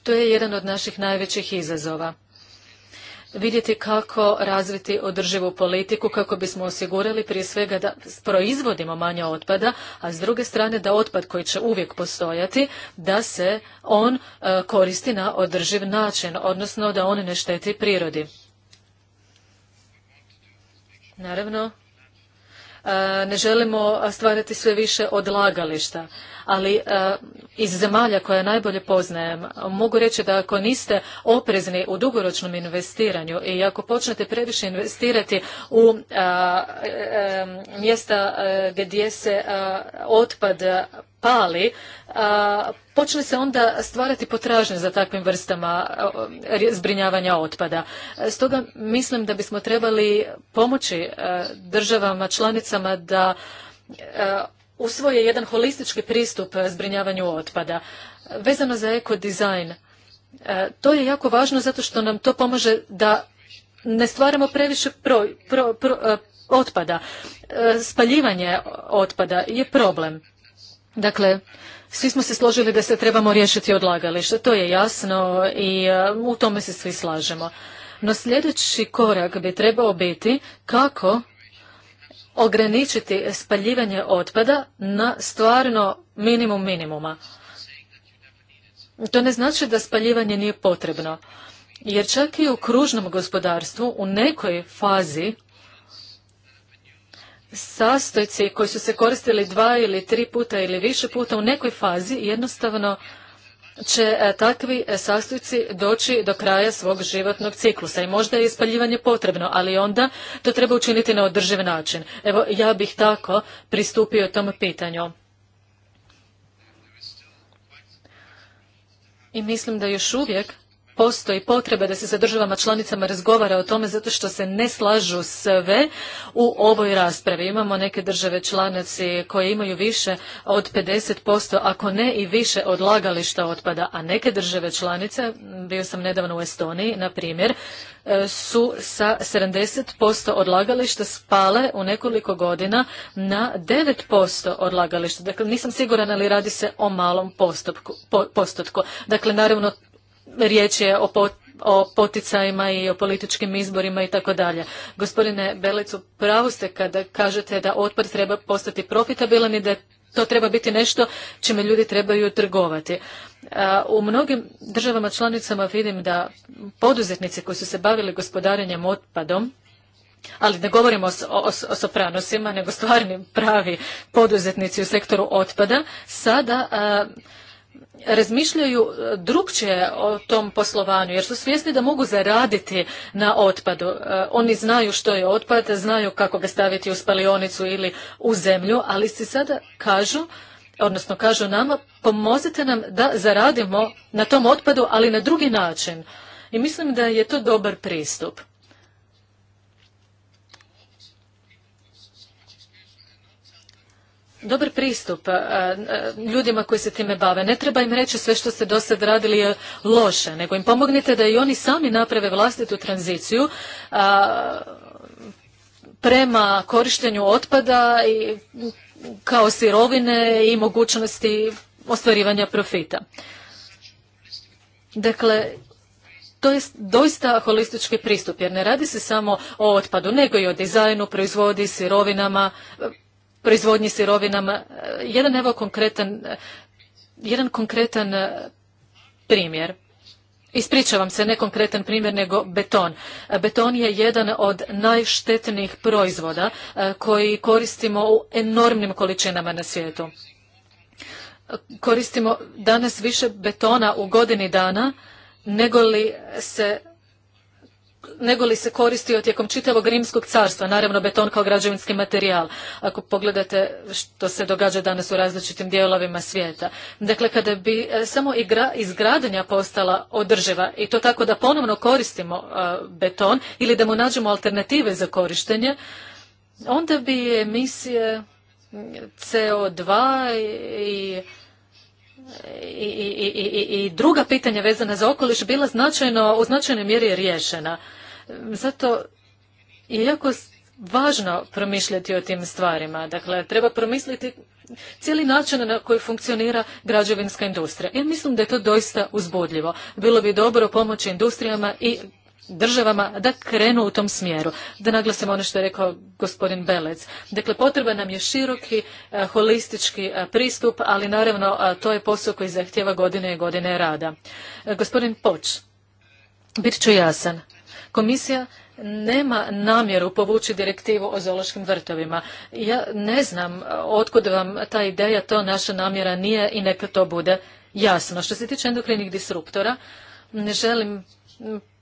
To je jedan od naših najvećih izazova vidjeti kako razviti održivu politiku kako bismo osigurali prije svega da proizvodimo manje otpada, a s druge strane da otpad koji će uvijek postojati, da se on e, koristi na održiv način, odnosno da on ne šteti prirodi. Naravno, E, ne želimo stvarati sve više odlagališta, ali e, iz zemalja koje najbolje poznajem mogu reći da ako niste oprezni u dugoročnom investiranju i ako počnete previše investirati u e, mjesta gdje se otpad pali, a, počeli se onda stvarati potražnje za takvim vrstama zbrinjavanja otpada. Stoga mislim da bismo trebali pomoći državama, članicama da usvoje jedan holistički pristup zbrinjavanju otpada. Vezano za ekodizajn, to je jako važno zato što nam to pomaže da ne stvaramo previše pro, otpada. Spaljivanje otpada je problem. Dakle, svi smo se složili da se trebamo riješiti odlagalište, to je jasno i e, u tome se svi slažemo. No sljedeći korak bi trebao biti kako ograničiti spaljivanje otpada na stvarno minimum minimuma. To ne znači da spaljivanje nije potrebno, jer čak i u kružnom gospodarstvu u nekoj fazi sastojci koji su se koristili dva ili tri puta ili više puta u nekoj fazi jednostavno će e, takvi e, sastojci doći do kraja svog životnog ciklusa i možda je ispaljivanje potrebno, ali onda to treba učiniti na održiv način. Evo, ja bih tako pristupio tom pitanju. I mislim da još uvijek postoji potreba da se sa državama članicama razgovara o tome zato što se ne slažu sve u ovoj raspravi. Imamo neke države članice koje imaju više od 50%, ako ne i više odlagališta otpada, a neke države članice, bio sam nedavno u Estoniji, na primjer, e, su sa 70% odlagališta spale u nekoliko godina na 9% odlagališta. Dakle, nisam siguran ali radi se o malom postupku, po, postotku. Dakle, naravno, riječ je o, poticajima i o političkim izborima i tako dalje. Gospodine Belicu, pravo ste kada kažete da otpad treba postati profitabilan i da to treba biti nešto čime ljudi trebaju trgovati. U mnogim državama članicama vidim da poduzetnici koji su se bavili gospodarenjem otpadom, ali ne govorimo o, o, sopranosima, nego stvarni pravi poduzetnici u sektoru otpada, sada razmišljaju e, drugčije o tom poslovanju, jer su svjesni da mogu zaraditi na otpadu. E, oni znaju što je otpad, znaju kako ga staviti u spalionicu ili u zemlju, ali si sada kažu, odnosno kažu nama, pomozite nam da zaradimo na tom otpadu, ali na drugi način. I mislim da je to dobar pristup. dobar pristup ljudima koji se time bave. Ne treba im reći sve što ste do sad radili je loše, nego im pomognite da i oni sami naprave vlastitu tranziciju prema korištenju otpada i kao sirovine i mogućnosti ostvarivanja profita. Dakle, to je doista holistički pristup, jer ne radi se samo o otpadu, nego i o dizajnu, proizvodi, sirovinama, proizvodnji sirovinama. E, jedan evo konkretan, e, jedan konkretan e, primjer. Ispričavam se, ne konkretan primjer, nego beton. Beton je jedan od najštetnijih proizvoda koji koristimo u enormnim količinama na svijetu. Koristimo danas više betona u godini dana nego li se nego li se koristio tijekom čitavog rimskog carstva, naravno beton kao građevinski materijal, ako pogledate što se događa danas u različitim dijelovima svijeta. Dakle, kada bi e, samo izgradnja izgradanja postala održiva i to tako da ponovno koristimo e, beton ili da mu nađemo alternative za korištenje, onda bi emisije CO2 i i, druga pitanja vezana za okoliš bila značajno, u značajnoj mjeri riješena. Ehm, zato je jako važno promišljati o tim stvarima. Dakle, treba promisliti cijeli način na koji funkcionira građevinska industrija. I mislim da je to doista uzbudljivo. Bilo bi dobro pomoći industrijama i državama da krenu u tom smjeru. Da naglasim ono što je rekao gospodin Belec. Dakle, potreban nam je široki, e, holistički e, pristup, ali naravno e, to je posao koji zahtjeva godine i godine rada. Gospodin Poč, bit ću jasan. Komisija nema namjeru povući direktivu o zološkim vrtovima. Ja ne znam otkud vam ta ideja, to naša namjera nije i neka to bude jasno. Što se tiče endokrinih disruptora, ne želim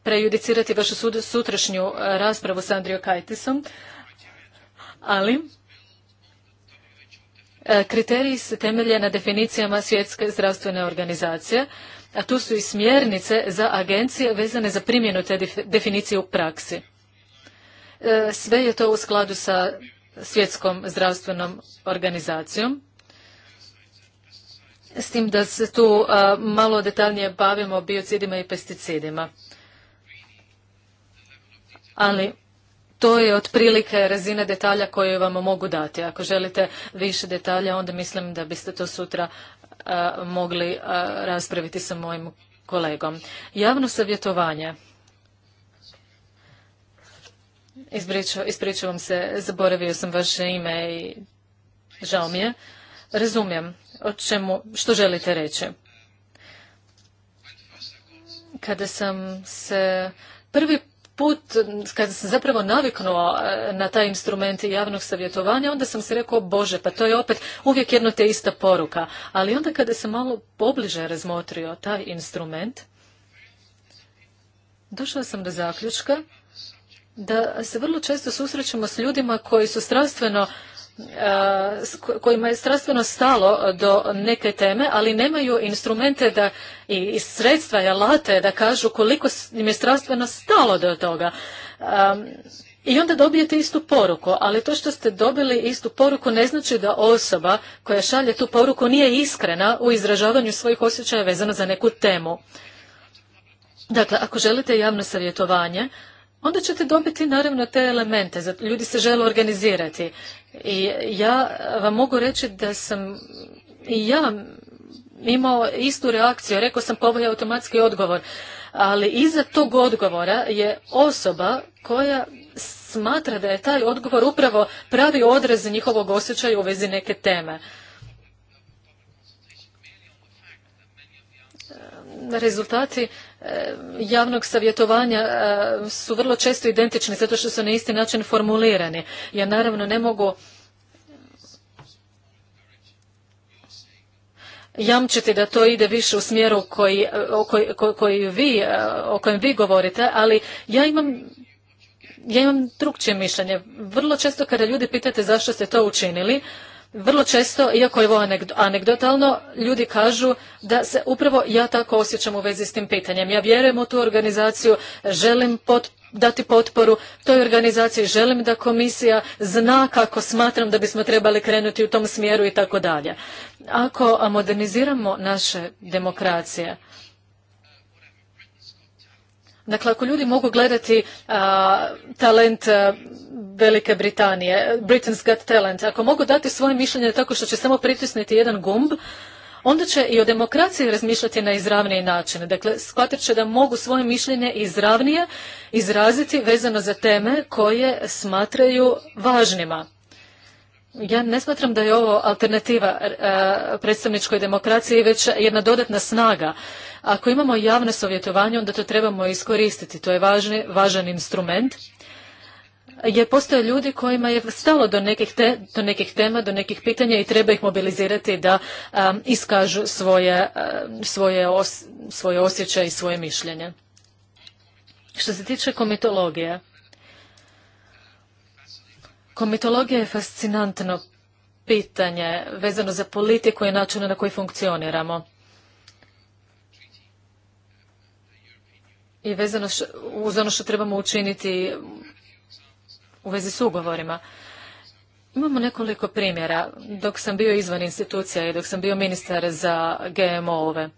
prejudicirati vašu sutrašnju e, raspravu s andrijom Kajtisom, ali e, kriteriji se temelje na definicijama svjetske zdravstvene organizacije, a tu su i smjernice za agencije vezane za primjenu te definicije u praksi. E, sve je to u skladu sa svjetskom zdravstvenom organizacijom. S tim da se tu malo detaljnije bavimo biocidima i pesticidima ali to je otprilike razina detalja koju vam mogu dati. Ako želite više detalja, onda mislim da biste to sutra mogli raspraviti sa mojim kolegom. Javno savjetovanje. Ispričavam se, zaboravio sam vaše ime i žao mi je. Razumijem o čemu, što želite reći. Kada sam se prvi put kada sam zapravo naviknuo e, na taj instrument javnog savjetovanja, onda sam se rekao, bože, pa to je opet uvijek jedno te ista poruka. Ali onda kada sam malo pobliže razmotrio taj instrument, došao sam do zaključka da se vrlo često susrećemo s ljudima koji su strastveno kojima je strastveno stalo e, do neke teme, ali nemaju instrumente da i sredstva i alate da kažu koliko im je strastveno stalo do toga. I onda dobijete istu poruku, ali to što ste dobili istu poruku ne znači da osoba koja šalje tu poruku nije iskrena u izražavanju svojih osjećaja vezana za neku temu. Dakle, ako želite javno savjetovanje, onda ćete dobiti naravno te elemente. Ljudi se žele organizirati. I ja vam mogu reći da sam i ja imao istu reakciju. Rekao sam pa automatski odgovor. Ali iza tog odgovora je osoba koja smatra da je taj odgovor upravo pravi odraz njihovog osjećaja u vezi neke teme. Rezultati E, javnog savjetovanja e, su vrlo često identični zato što su na isti način formulirani. Ja naravno ne mogu jamčiti da to ide više u smjeru koji, e, o, vi, o kojem vi govorite, ali ja imam ja imam drugčije mišljenje. Vrlo često kada ljudi pitate zašto ste to učinili, vrlo često, iako je ovo anegdotalno, ljudi kažu da se upravo ja tako osjećam u vezi s tim pitanjem. Ja vjerujem u tu organizaciju, želim dati potporu toj organizaciji, želim da komisija zna kako smatram da bismo trebali krenuti u tom smjeru i tako dalje. Ako moderniziramo naše demokracije, Dakle, ako ljudi mogu gledati uh, talent uh, Velike Britanije, Britain's Got Talent, ako mogu dati svoje mišljenje tako što će samo pritisniti jedan gumb, onda će i o demokraciji razmišljati na izravniji način. Dakle, shvatit će da mogu svoje mišljenje izravnije izraziti vezano za teme koje smatraju važnima. Ja ne smatram da je ovo alternativa e, predstavničkoj demokraciji, već jedna dodatna snaga. Ako imamo javne savjetovanje, onda to trebamo iskoristiti. To je važan instrument jer postoje ljudi kojima je stalo do nekih, do nekih tema, do nekih pitanja i treba ih mobilizirati da e, iskažu svoje, e, svoje osjećaje i svoje mišljenje. Što se tiče komitologije, Komitologija je fascinantno pitanje vezano za politiku i načinu na koji funkcioniramo. I vezano uz ono što trebamo učiniti u vezi s ugovorima. Imamo nekoliko primjera. Dok sam bio izvan institucija i dok sam bio ministar za GMO-ove,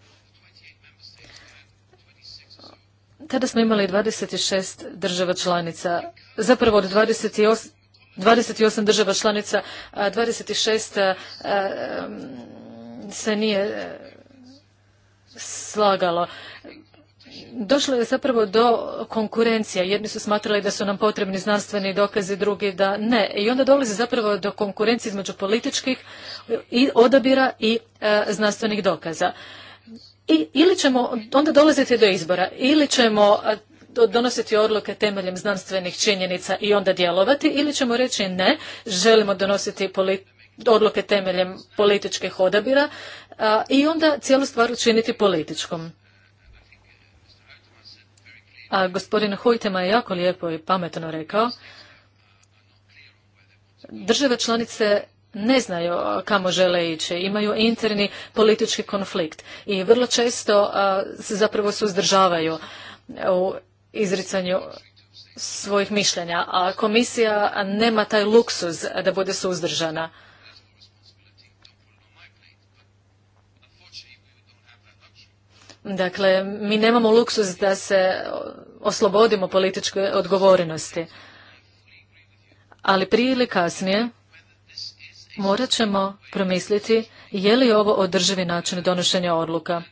tada smo imali 26 država članica, zapravo od 28, 28 država članica, 26 se nije e, slagalo. Došlo je zapravo do konkurencije. Jedni su smatrali da su nam potrebni znanstveni dokazi, drugi da ne. I onda dolazi zapravo do konkurencije između političkih odabira i e, znanstvenih dokaza. I, ili ćemo, onda dolazite do izbora, ili ćemo donositi odluke temeljem znanstvenih činjenica i onda djelovati ili ćemo reći ne, želimo donositi odluke temeljem političkih odabira i onda cijelu stvar učiniti političkom. A gospodin Hojtema je jako lijepo i pametno rekao, države članice ne znaju kamo žele ići, imaju interni politički konflikt i vrlo često se zapravo suzdržavaju u izricanju svojih mišljenja, a komisija nema taj luksuz da bude suzdržana. Dakle, mi nemamo luksuz da se oslobodimo političke odgovornosti. Ali prije ili kasnije morat ćemo promisliti je li ovo održivi način donošenja odluka.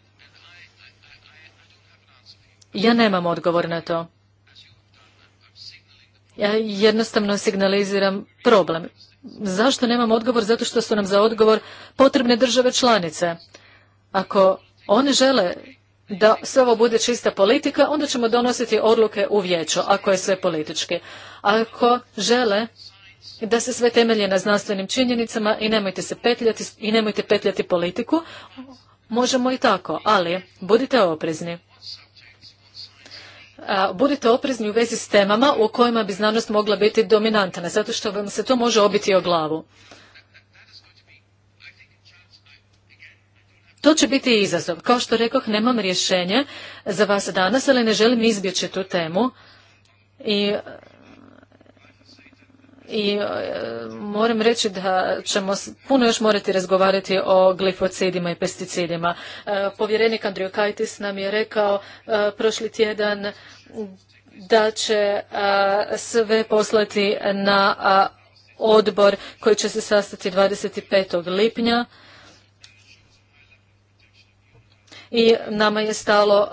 Ja nemam odgovor na to. Ja jednostavno signaliziram problem. Zašto nemam odgovor? Zato što su nam za odgovor potrebne države članice. Ako one žele da sve ovo bude čista politika, onda ćemo donositi odluke u vijeću, ako je sve politički. Ako žele da se sve temelje na znanstvenim činjenicama i nemojte se petljati i nemojte petljati politiku, možemo i tako, ali budite oprezni budite oprezni u vezi s temama u kojima bi znanost mogla biti dominantna, zato što vam se to može obiti o glavu. To će biti izazov. Kao što rekoh, nemam rješenje za vas danas, ali ne želim izbjeći tu temu. I i e, moram reći da ćemo puno još morati razgovarati o glifocidima i pesticidima. E, povjerenik Andriokaitis nam je rekao e, prošli tjedan da će sve poslati na odbor koji će se sastati 25. lipnja i nama je stalo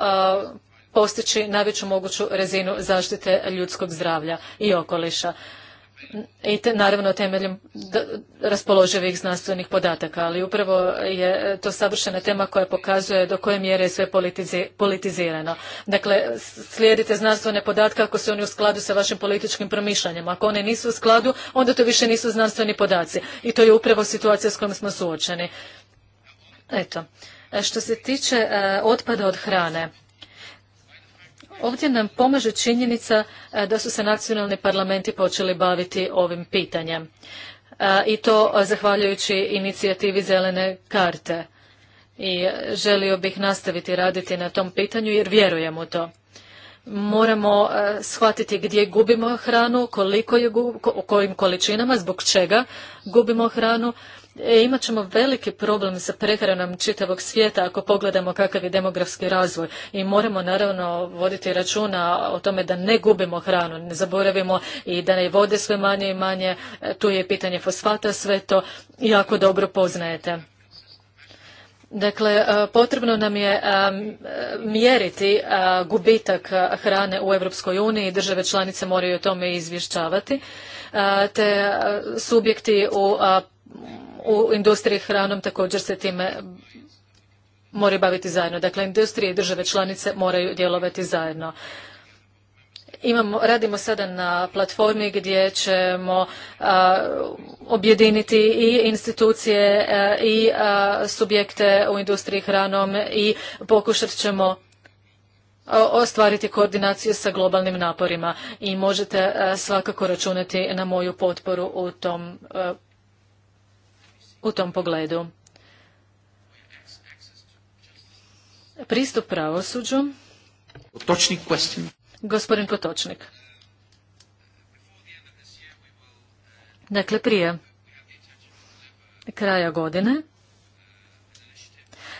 postići najveću moguću razinu zaštite ljudskog zdravlja i okoliša i te, naravno temeljem raspoloživih znanstvenih podataka, ali upravo je e, to savršena tema koja pokazuje do koje mjere je sve politizirano. Dakle, slijedite znanstvene podatke ako su oni u skladu sa vašim političkim promišljanjem. Ako one nisu u skladu, onda to više nisu znanstveni podaci. I to je upravo situacija s kojom smo suočeni. Eto, e, što se tiče e, otpada od hrane, Ovdje nam pomaže činjenica e, da su se nacionalni parlamenti počeli baviti ovim pitanjem e, i to e, zahvaljujući inicijativi zelene karte. I želio bih nastaviti raditi na tom pitanju jer vjerujem u to. Moramo shvatiti gdje gubimo hranu, koliko je, u kojim količinama, zbog čega gubimo hranu E, imat ćemo veliki problem sa prehranom čitavog svijeta ako pogledamo kakav je demografski razvoj i moramo naravno voditi računa o tome da ne gubimo hranu, ne zaboravimo i da ne vode sve manje i manje, e, tu je pitanje fosfata, sve to jako dobro poznajete. Dakle, e, potrebno nam je mjeriti gubitak hrane u Europskoj uniji, države članice moraju o tome izvješćavati, te subjekti u u industriji hranom također se time moraju baviti zajedno. Dakle, industrije i države članice moraju djelovati zajedno. Imamo, radimo sada na platformi gdje ćemo objediniti i institucije i subjekte u industriji hranom i pokušat ćemo ostvariti koordinaciju sa globalnim naporima i možete svakako računati na moju potporu u tom u tom pogledu. Pristup pravosuđu. Potočnik Gospodin Potočnik. Dakle, prije kraja godine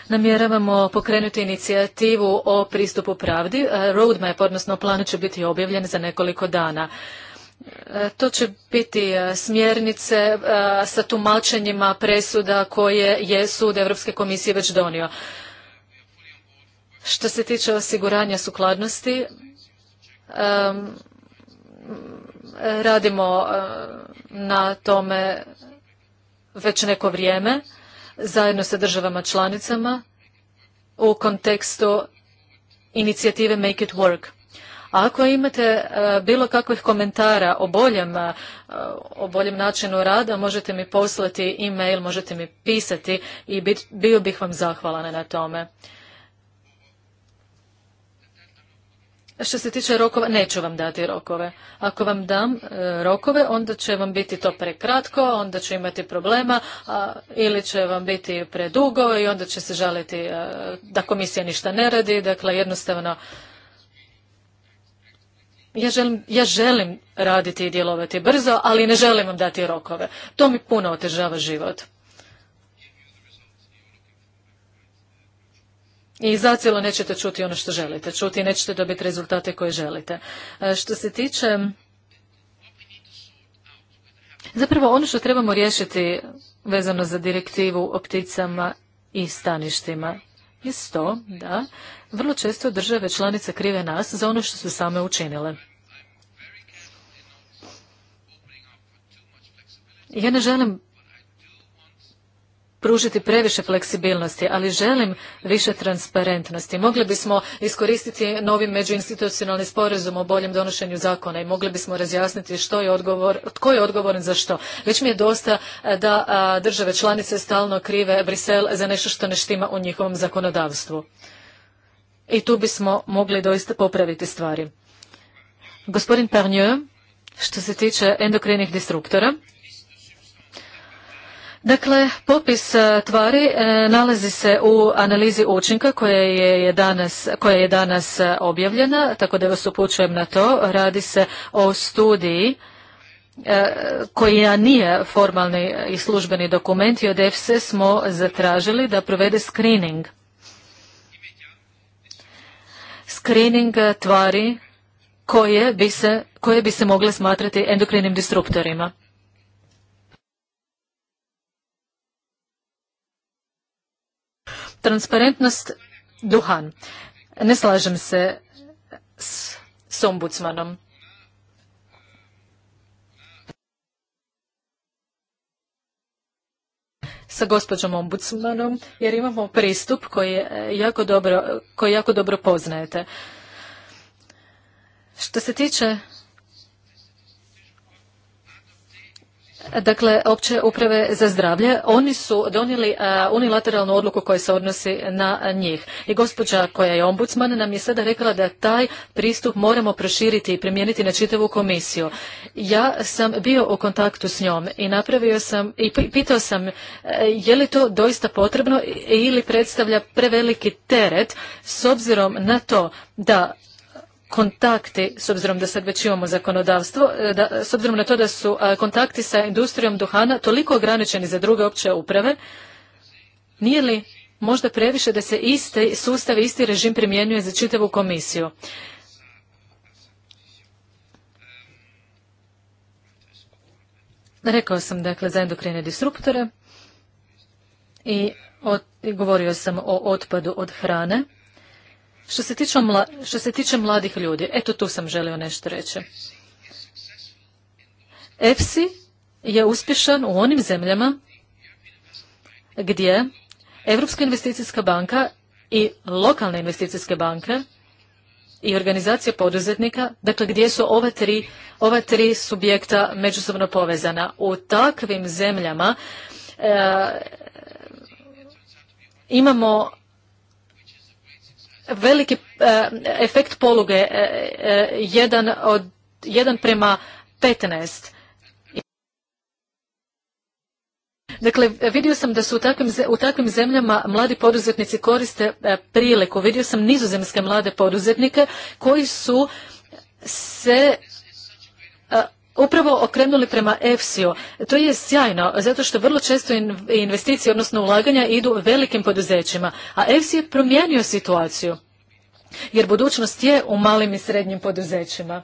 namjeravamo pokrenuti inicijativu o pristupu pravdi. Roadmap, odnosno plan će biti objavljen za nekoliko dana. E, to će biti e, smjernice e, sa tumačenjima presuda koje je sud Europske komisije već donio. Što se tiče osiguranja sukladnosti, radimo na tome već neko vrijeme zajedno sa državama članicama u kontekstu inicijative Make it Work. Ako imate e, bilo kakvih komentara o boljem, e, o boljem načinu rada, možete mi poslati e-mail, možete mi pisati i bio bih vam zahvalan na tome. Što se tiče rokova, neću vam dati rokove. Ako vam dam e, rokove, onda će vam biti to prekratko, onda će imati problema ili će vam biti predugo i onda će se žaliti da komisija ništa ne radi. Dakle, jednostavno ja želim, ja želim raditi i djelovati brzo, ali ne želim vam dati rokove. To mi puno otežava život. I zacijelo nećete čuti ono što želite čuti i nećete dobiti rezultate koje želite. E, što se tiče... Zapravo ono što trebamo riješiti vezano za direktivu o pticama i staništima je to da vrlo često države članice krive nas za ono što su same učinile. Ja ne želim pružiti previše fleksibilnosti, ali želim više transparentnosti. Mogli bismo iskoristiti novi međuinstitucionalni sporazum o boljem donošenju zakona i mogli bismo razjasniti što je odgovor, tko je odgovoran za što. Već mi je dosta e, da države članice stalno krive Brisel za nešto što ne štima u njihovom zakonodavstvu i tu bismo mogli doista popraviti stvari. Gospodin Parnjeu, što se tiče endokrinih destruktora, Dakle, popis e, tvari e, nalazi se u analizi učinka koja je danas, koja je danas e, objavljena, tako da vas upućujem na to. Radi se o studiji koja nije formalni i službeni dokument i od EFSE smo zatražili da provede screening screening eh, tvari koje bi se, koje bi se mogle smatrati endokrinim disruptorima. Transparentnost duhan. Ne slažem se s, s ombudsmanom. sa gospođom ombudsmanom jer imamo pristup koji e, jako dobro, koji jako dobro poznajete. Što se tiče dakle opće uprave za zdravlje, oni su donijeli e, unilateralnu odluku koja se odnosi na njih. I gospođa koja je ombudsman nam je sada rekla da taj pristup moramo proširiti i primijeniti na čitavu komisiju. Ja sam bio u kontaktu s njom i napravio sam i pitao sam e, je li to doista potrebno ili predstavlja preveliki teret s obzirom na to da kontakti, s obzirom da sad već imamo zakonodavstvo, e, s obzirom na to da su e, kontakti sa industrijom duhana toliko ograničeni za druge opće uprave, nije li možda previše da se isti sustav, isti režim primjenjuje za čitavu komisiju? Rekao sam dakle za endokrine disruptore i, i govorio sam o otpadu od hrane. Što se, tiče mladih ljudi, eto tu sam želio nešto reći. EFSI je uspješan u onim zemljama gdje Europska investicijska banka i lokalne investicijske banke i organizacije poduzetnika, dakle gdje su ova tri, ova tri subjekta međusobno povezana. U takvim zemljama e, imamo veliki e, efekt poluge e, e, jedan od jedan prema 15. Dakle, vidio sam da su u takvim, u takvim zemljama mladi poduzetnici koriste priliku. Vidio sam nizozemske mlade poduzetnike koji su se upravo okrenuli prema efsi To je sjajno, zato što vrlo često investicije, odnosno ulaganja, idu velikim poduzećima, a EFSI je promijenio situaciju, jer budućnost je u malim i srednjim poduzećima.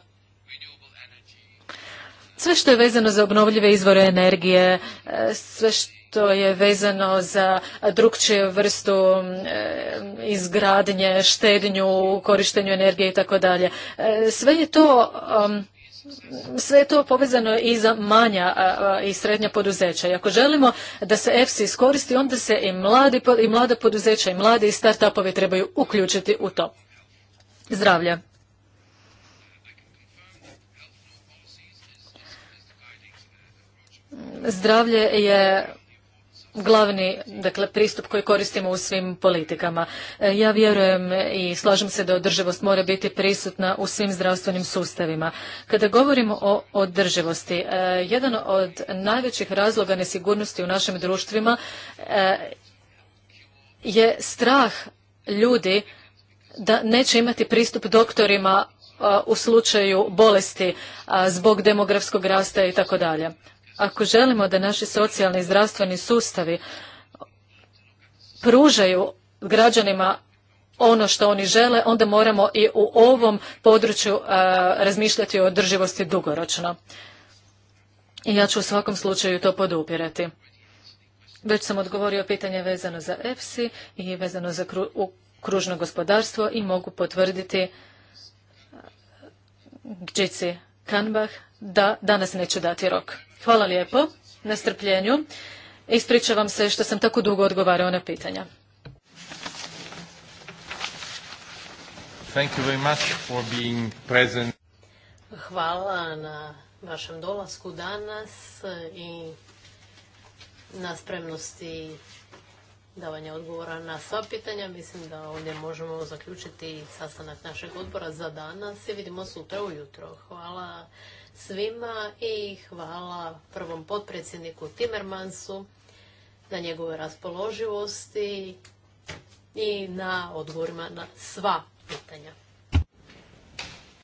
Sve što je vezano za obnovljive izvore energije, e, sve što je vezano za drugčiju vrstu e, izgradnje, štednju, korištenju energije i tako e, Sve je to um, sve je to povezano i za manja i srednja poduzeća. I ako želimo da se EFSI iskoristi, onda se i, mladi, i mlada poduzeća i mladi i start trebaju uključiti u to. Zdravlje. Zdravlje je glavni dakle, pristup koji koristimo u svim politikama. E, ja vjerujem i slažem se da održivost mora biti prisutna u svim zdravstvenim sustavima. Kada govorimo o održivosti, e, jedan od najvećih razloga nesigurnosti u našim društvima e, je strah ljudi da neće imati pristup doktorima u slučaju bolesti zbog demografskog rasta i tako dalje. Ako želimo da naši socijalni i zdravstveni sustavi pružaju građanima ono što oni žele, onda moramo i u ovom području e, razmišljati o održivosti dugoročno. I ja ću u svakom slučaju to podupirati. Već sam odgovorio pitanje vezano za EFSI i vezano za kružno gospodarstvo i mogu potvrditi e, Gđici Kanbah da danas neće dati rok. Hvala lijepo na strpljenju. Ispričavam se što sam tako dugo odgovarao na pitanja. Thank you very much for being present. Hvala na vašem dolasku danas i na spremnosti davanja odgovora na sva pitanja. Mislim da ovdje možemo zaključiti sastanak našeg odbora za danas i vidimo sutra ujutro. Hvala svima i hvala prvom potpredsjedniku Timmermansu na njegove raspoloživosti i na odgovorima na sva pitanja.